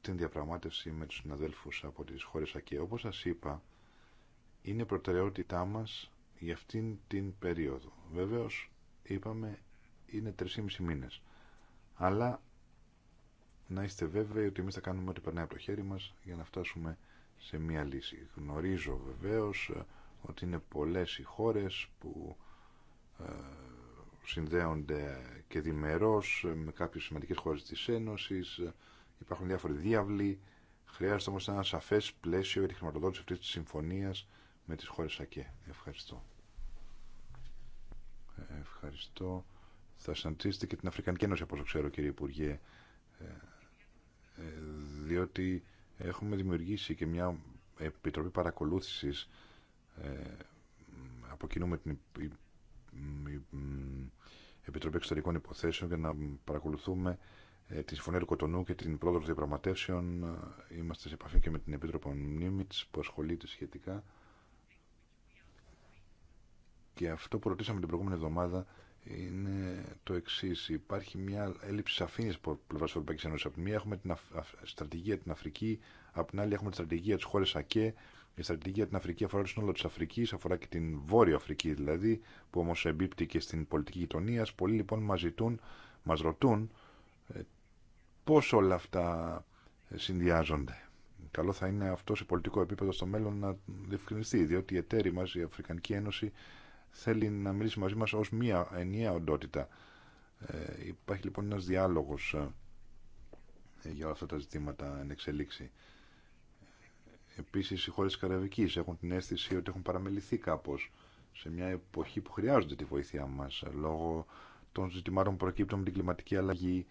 την διαπραγμάτευση με τους συναδέλφους από τις χώρες ΑΚΕ. Όπως σας είπα, είναι προτεραιότητά μας για αυτήν την περίοδο. Βεβαίως, είπαμε, είναι 3,5 μήνες. Αλλά να είστε βέβαιοι ότι εμείς θα κάνουμε ό,τι περνάει από το χέρι μας για να φτάσουμε σε μία λύση. Γνωρίζω βεβαίως ότι είναι πολλές οι χώρες που ε, συνδέονται και διμερώς με κάποιες σημαντικές χώρες της Ένωσης. Υπάρχουν διάφοροι διάβλοι. Χρειάζεται όμως ένα σαφές πλαίσιο για τη χρηματοδότηση αυτής της συμφωνίας με τις χώρες ΑΚΕ. Ευχαριστώ. Ευχαριστώ. Θα συναντήσετε και την Αφρικανική Ένωση, όπως ξέρω, κύριε Υπουργέ, ε, διότι έχουμε δημιουργήσει και μια επιτροπή παρακολούθησης ε, από κοινού με την Επιτροπή Εξωτερικών Υποθέσεων για να παρακολουθούμε ε, τη Συμφωνία του και την πρόοδο των διαπραγματεύσεων. Είμαστε σε επαφή και με την Επίτροπο Νίμιτς που ασχολείται σχετικά. Και αυτό που ρωτήσαμε την προηγούμενη εβδομάδα είναι το εξή. Υπάρχει μια έλλειψη σαφήνεια από πλευρά τη Ευρωπαϊκή Ένωση. Από τη μία έχουμε την στρατηγία την Αφρική, από την άλλη έχουμε τη στρατηγία τη χώρα ΑΚΕ. Η στρατηγία την Αφρική αφορά το σύνολο τη Αφρική, αφορά και την Βόρεια Αφρική δηλαδή, που όμω εμπίπτει και στην πολιτική γειτονία. Πολλοί λοιπόν μα ζητούν, μα ρωτούν ε, πώ όλα αυτά συνδυάζονται. Καλό θα είναι αυτό σε πολιτικό επίπεδο στο μέλλον να διευκρινιστεί, διότι η εταίροι μα, η Αφρικανική Ένωση, θέλει να μιλήσει μαζί μας ως μία ενιαία οντότητα. Ε, υπάρχει λοιπόν ένας διάλογος ε, για όλα αυτά τα ζητήματα εν εξελίξη. Επίσης οι χώρες της έχουν την αίσθηση ότι έχουν παραμεληθεί κάπως σε μια εποχή που χρειάζονται τη βοήθειά μας ε, λόγω των ζητημάτων που προκύπτουν με την κλιματική αλλαγή.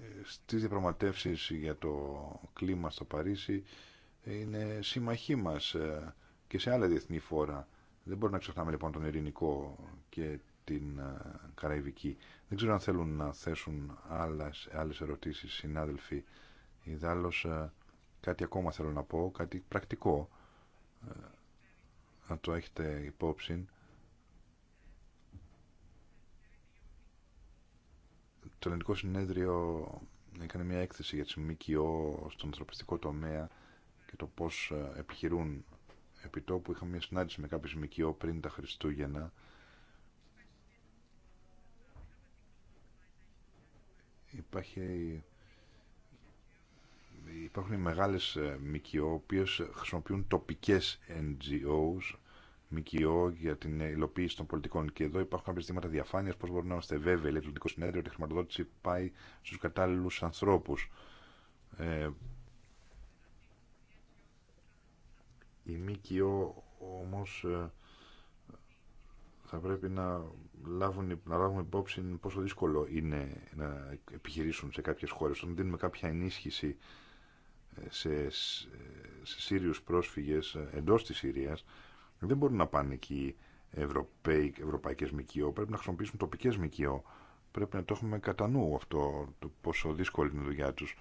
Ε, στις διαπραγματεύσεις για το κλίμα στο Παρίσι είναι συμμαχοί μας ε, και σε άλλα διεθνή φόρα. Δεν μπορούμε να ξεχνάμε λοιπόν τον ειρηνικό και την ε, Καραϊβική. Δεν ξέρω αν θέλουν να θέσουν άλλες, άλλες ερωτήσεις συνάδελφοι. Ιδάλλως ε, κάτι ακόμα θέλω να πω, κάτι πρακτικό. Αν το έχετε υπόψη. Το ελληνικό συνέδριο έκανε μια έκθεση για τη ΜΚΟ στον ανθρωπιστικό τομέα και το πώς ε, επιχειρούν επί τόπου. Είχαμε μια συνάντηση με κάποιους ΜΚΟ πριν τα Χριστούγεννα. Υπάρχει... Υπάρχουν οι μεγάλες ε, ΜΚΟ, οποίες χρησιμοποιούν τοπικές NGOs, ΜΚΟ για την υλοποίηση των πολιτικών. Και εδώ υπάρχουν κάποια ζητήματα διαφάνεια, πώ μπορούμε να είμαστε βέβαιοι, λέει το Συνέδριο, ότι η χρηματοδότηση πάει στους κατάλληλου ανθρώπους. Ε, Η ΜΚΟ όμως ε, θα πρέπει να λάβουν, να λάβουν υπόψη πόσο δύσκολο είναι να επιχειρήσουν σε κάποιες χώρες. Όταν δίνουμε κάποια ενίσχυση ε, σε, ε, σε Σύριους πρόσφυγες εντός της Συρίας, δεν μπορούν να πάνε εκεί οι ευρωπαϊκές ΜΚΟ. Πρέπει να χρησιμοποιήσουν τοπικές ΜΚΟ. Πρέπει να το έχουμε κατά νου αυτό, το πόσο δύσκολη είναι η δουλειά τους.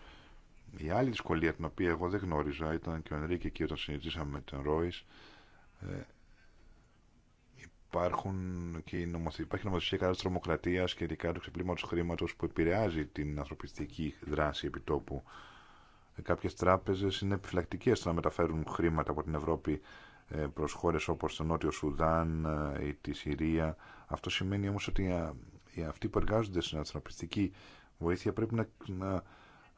Η άλλη δυσκολία την οποία εγώ δεν γνώριζα ήταν και ο Ενρίκη και όταν συζητήσαμε με τον Ρόι. ε, υπάρχουν και η νομοθεσία, υπάρχει νομοθεσία κατά τη τρομοκρατίας και ειδικά του ξεπλήματο χρήματο που επηρεάζει την ανθρωπιστική δράση επιτόπου. Ε, κάποιες τράπεζες είναι επιφυλακτικέ στο να μεταφέρουν χρήματα από την Ευρώπη ε, προς χώρες όπως το Νότιο Σουδάν ε, ή τη Συρία. Αυτό σημαίνει όμω ότι ε, αυτοί που εργάζονται στην ανθρωπιστική βοήθεια πρέπει να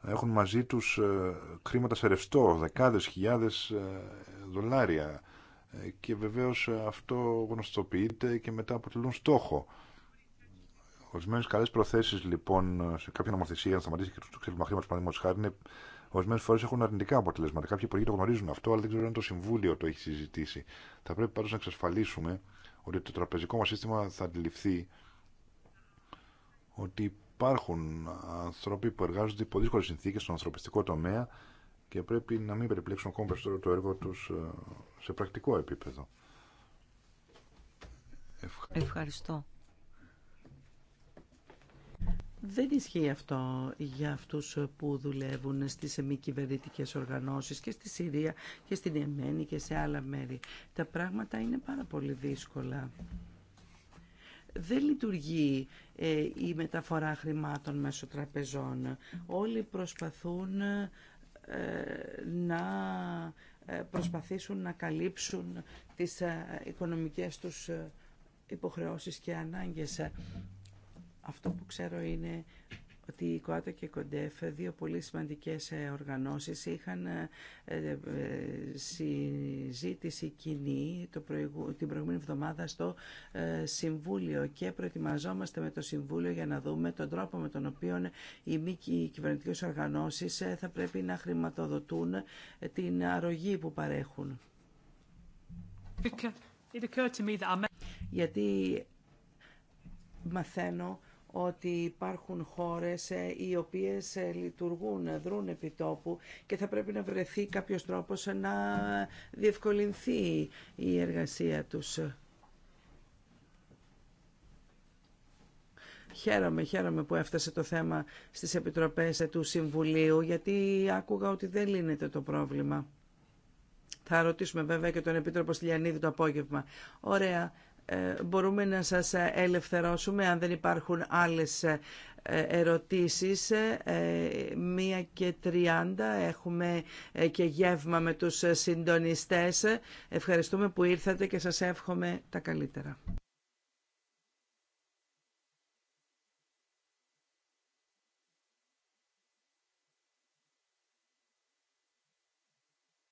έχουν μαζί τους ε, χρήματα σε ρευστό, δεκάδες χιλιάδες ε, δολάρια ε, και βεβαίως αυτό γνωστοποιείται και μετά αποτελούν στόχο. Ορισμένε καλέ προθέσει λοιπόν σε κάποια νομοθεσία να σταματήσει και το ξύλιμα χρήματο, παραδείγματο χάρη, είναι ορισμένε φορέ έχουν αρνητικά αποτελέσματα. Κάποιοι υπουργοί το γνωρίζουν αυτό, αλλά δεν ξέρω αν το Συμβούλιο το έχει συζητήσει. Θα πρέπει πάντω να εξασφαλίσουμε ότι το τραπεζικό μα σύστημα θα αντιληφθεί ότι υπάρχουν άνθρωποι που εργάζονται υπό δύσκολε συνθήκε στον ανθρωπιστικό τομέα και πρέπει να μην περιπλέξουν ακόμα περισσότερο το έργο του ε, σε πρακτικό επίπεδο. Ευχαριστώ. Δεν ισχύει αυτό για αυτούς που δουλεύουν στις μη κυβερνητικέ οργανώσεις και στη Συρία και στην Εμένη και σε άλλα μέρη. Τα πράγματα είναι πάρα πολύ δύσκολα δεν λειτουργεί ε, η μεταφορά χρημάτων μέσω τραπεζών. Όλοι προσπαθούν ε, να ε, προσπαθήσουν να καλύψουν τις οικονομικές τους υποχρεώσεις και ανάγκες. Αυτό που ξέρω είναι ότι η ΚΟΑΤΟ και η ΚΟΝΤΕΦ, δύο πολύ σημαντικές ε, οργανώσεις, είχαν ε, ε, συζήτηση κοινή την προηγούμενη εβδομάδα στο Συμβούλιο και προετοιμαζόμαστε με το Συμβούλιο για να δούμε τον τρόπο με τον οποίο οι μη κυβερνητικέ οργανώσεις θα πρέπει να χρηματοδοτούν την αρρωγή που παρέχουν. Γιατί μαθαίνω ότι υπάρχουν χώρες ε, οι οποίες ε, λειτουργούν, δρούν επί τόπου και θα πρέπει να βρεθεί κάποιος τρόπος να διευκολυνθεί η εργασία τους. Χαίρομαι, χαίρομαι που έφτασε το θέμα στις επιτροπές ε, του Συμβουλίου, γιατί άκουγα ότι δεν λύνεται το πρόβλημα. Θα ρωτήσουμε βέβαια και τον Επίτροπο Στυλιανίδη το απόγευμα. Ωραία. Ε, μπορούμε να σας ελευθερώσουμε αν δεν υπάρχουν άλλες ε, ερωτήσεις. Ε, μία και τριάντα έχουμε και γεύμα με τους συντονιστές. Ευχαριστούμε που ήρθατε και σας εύχομαι τα καλύτερα.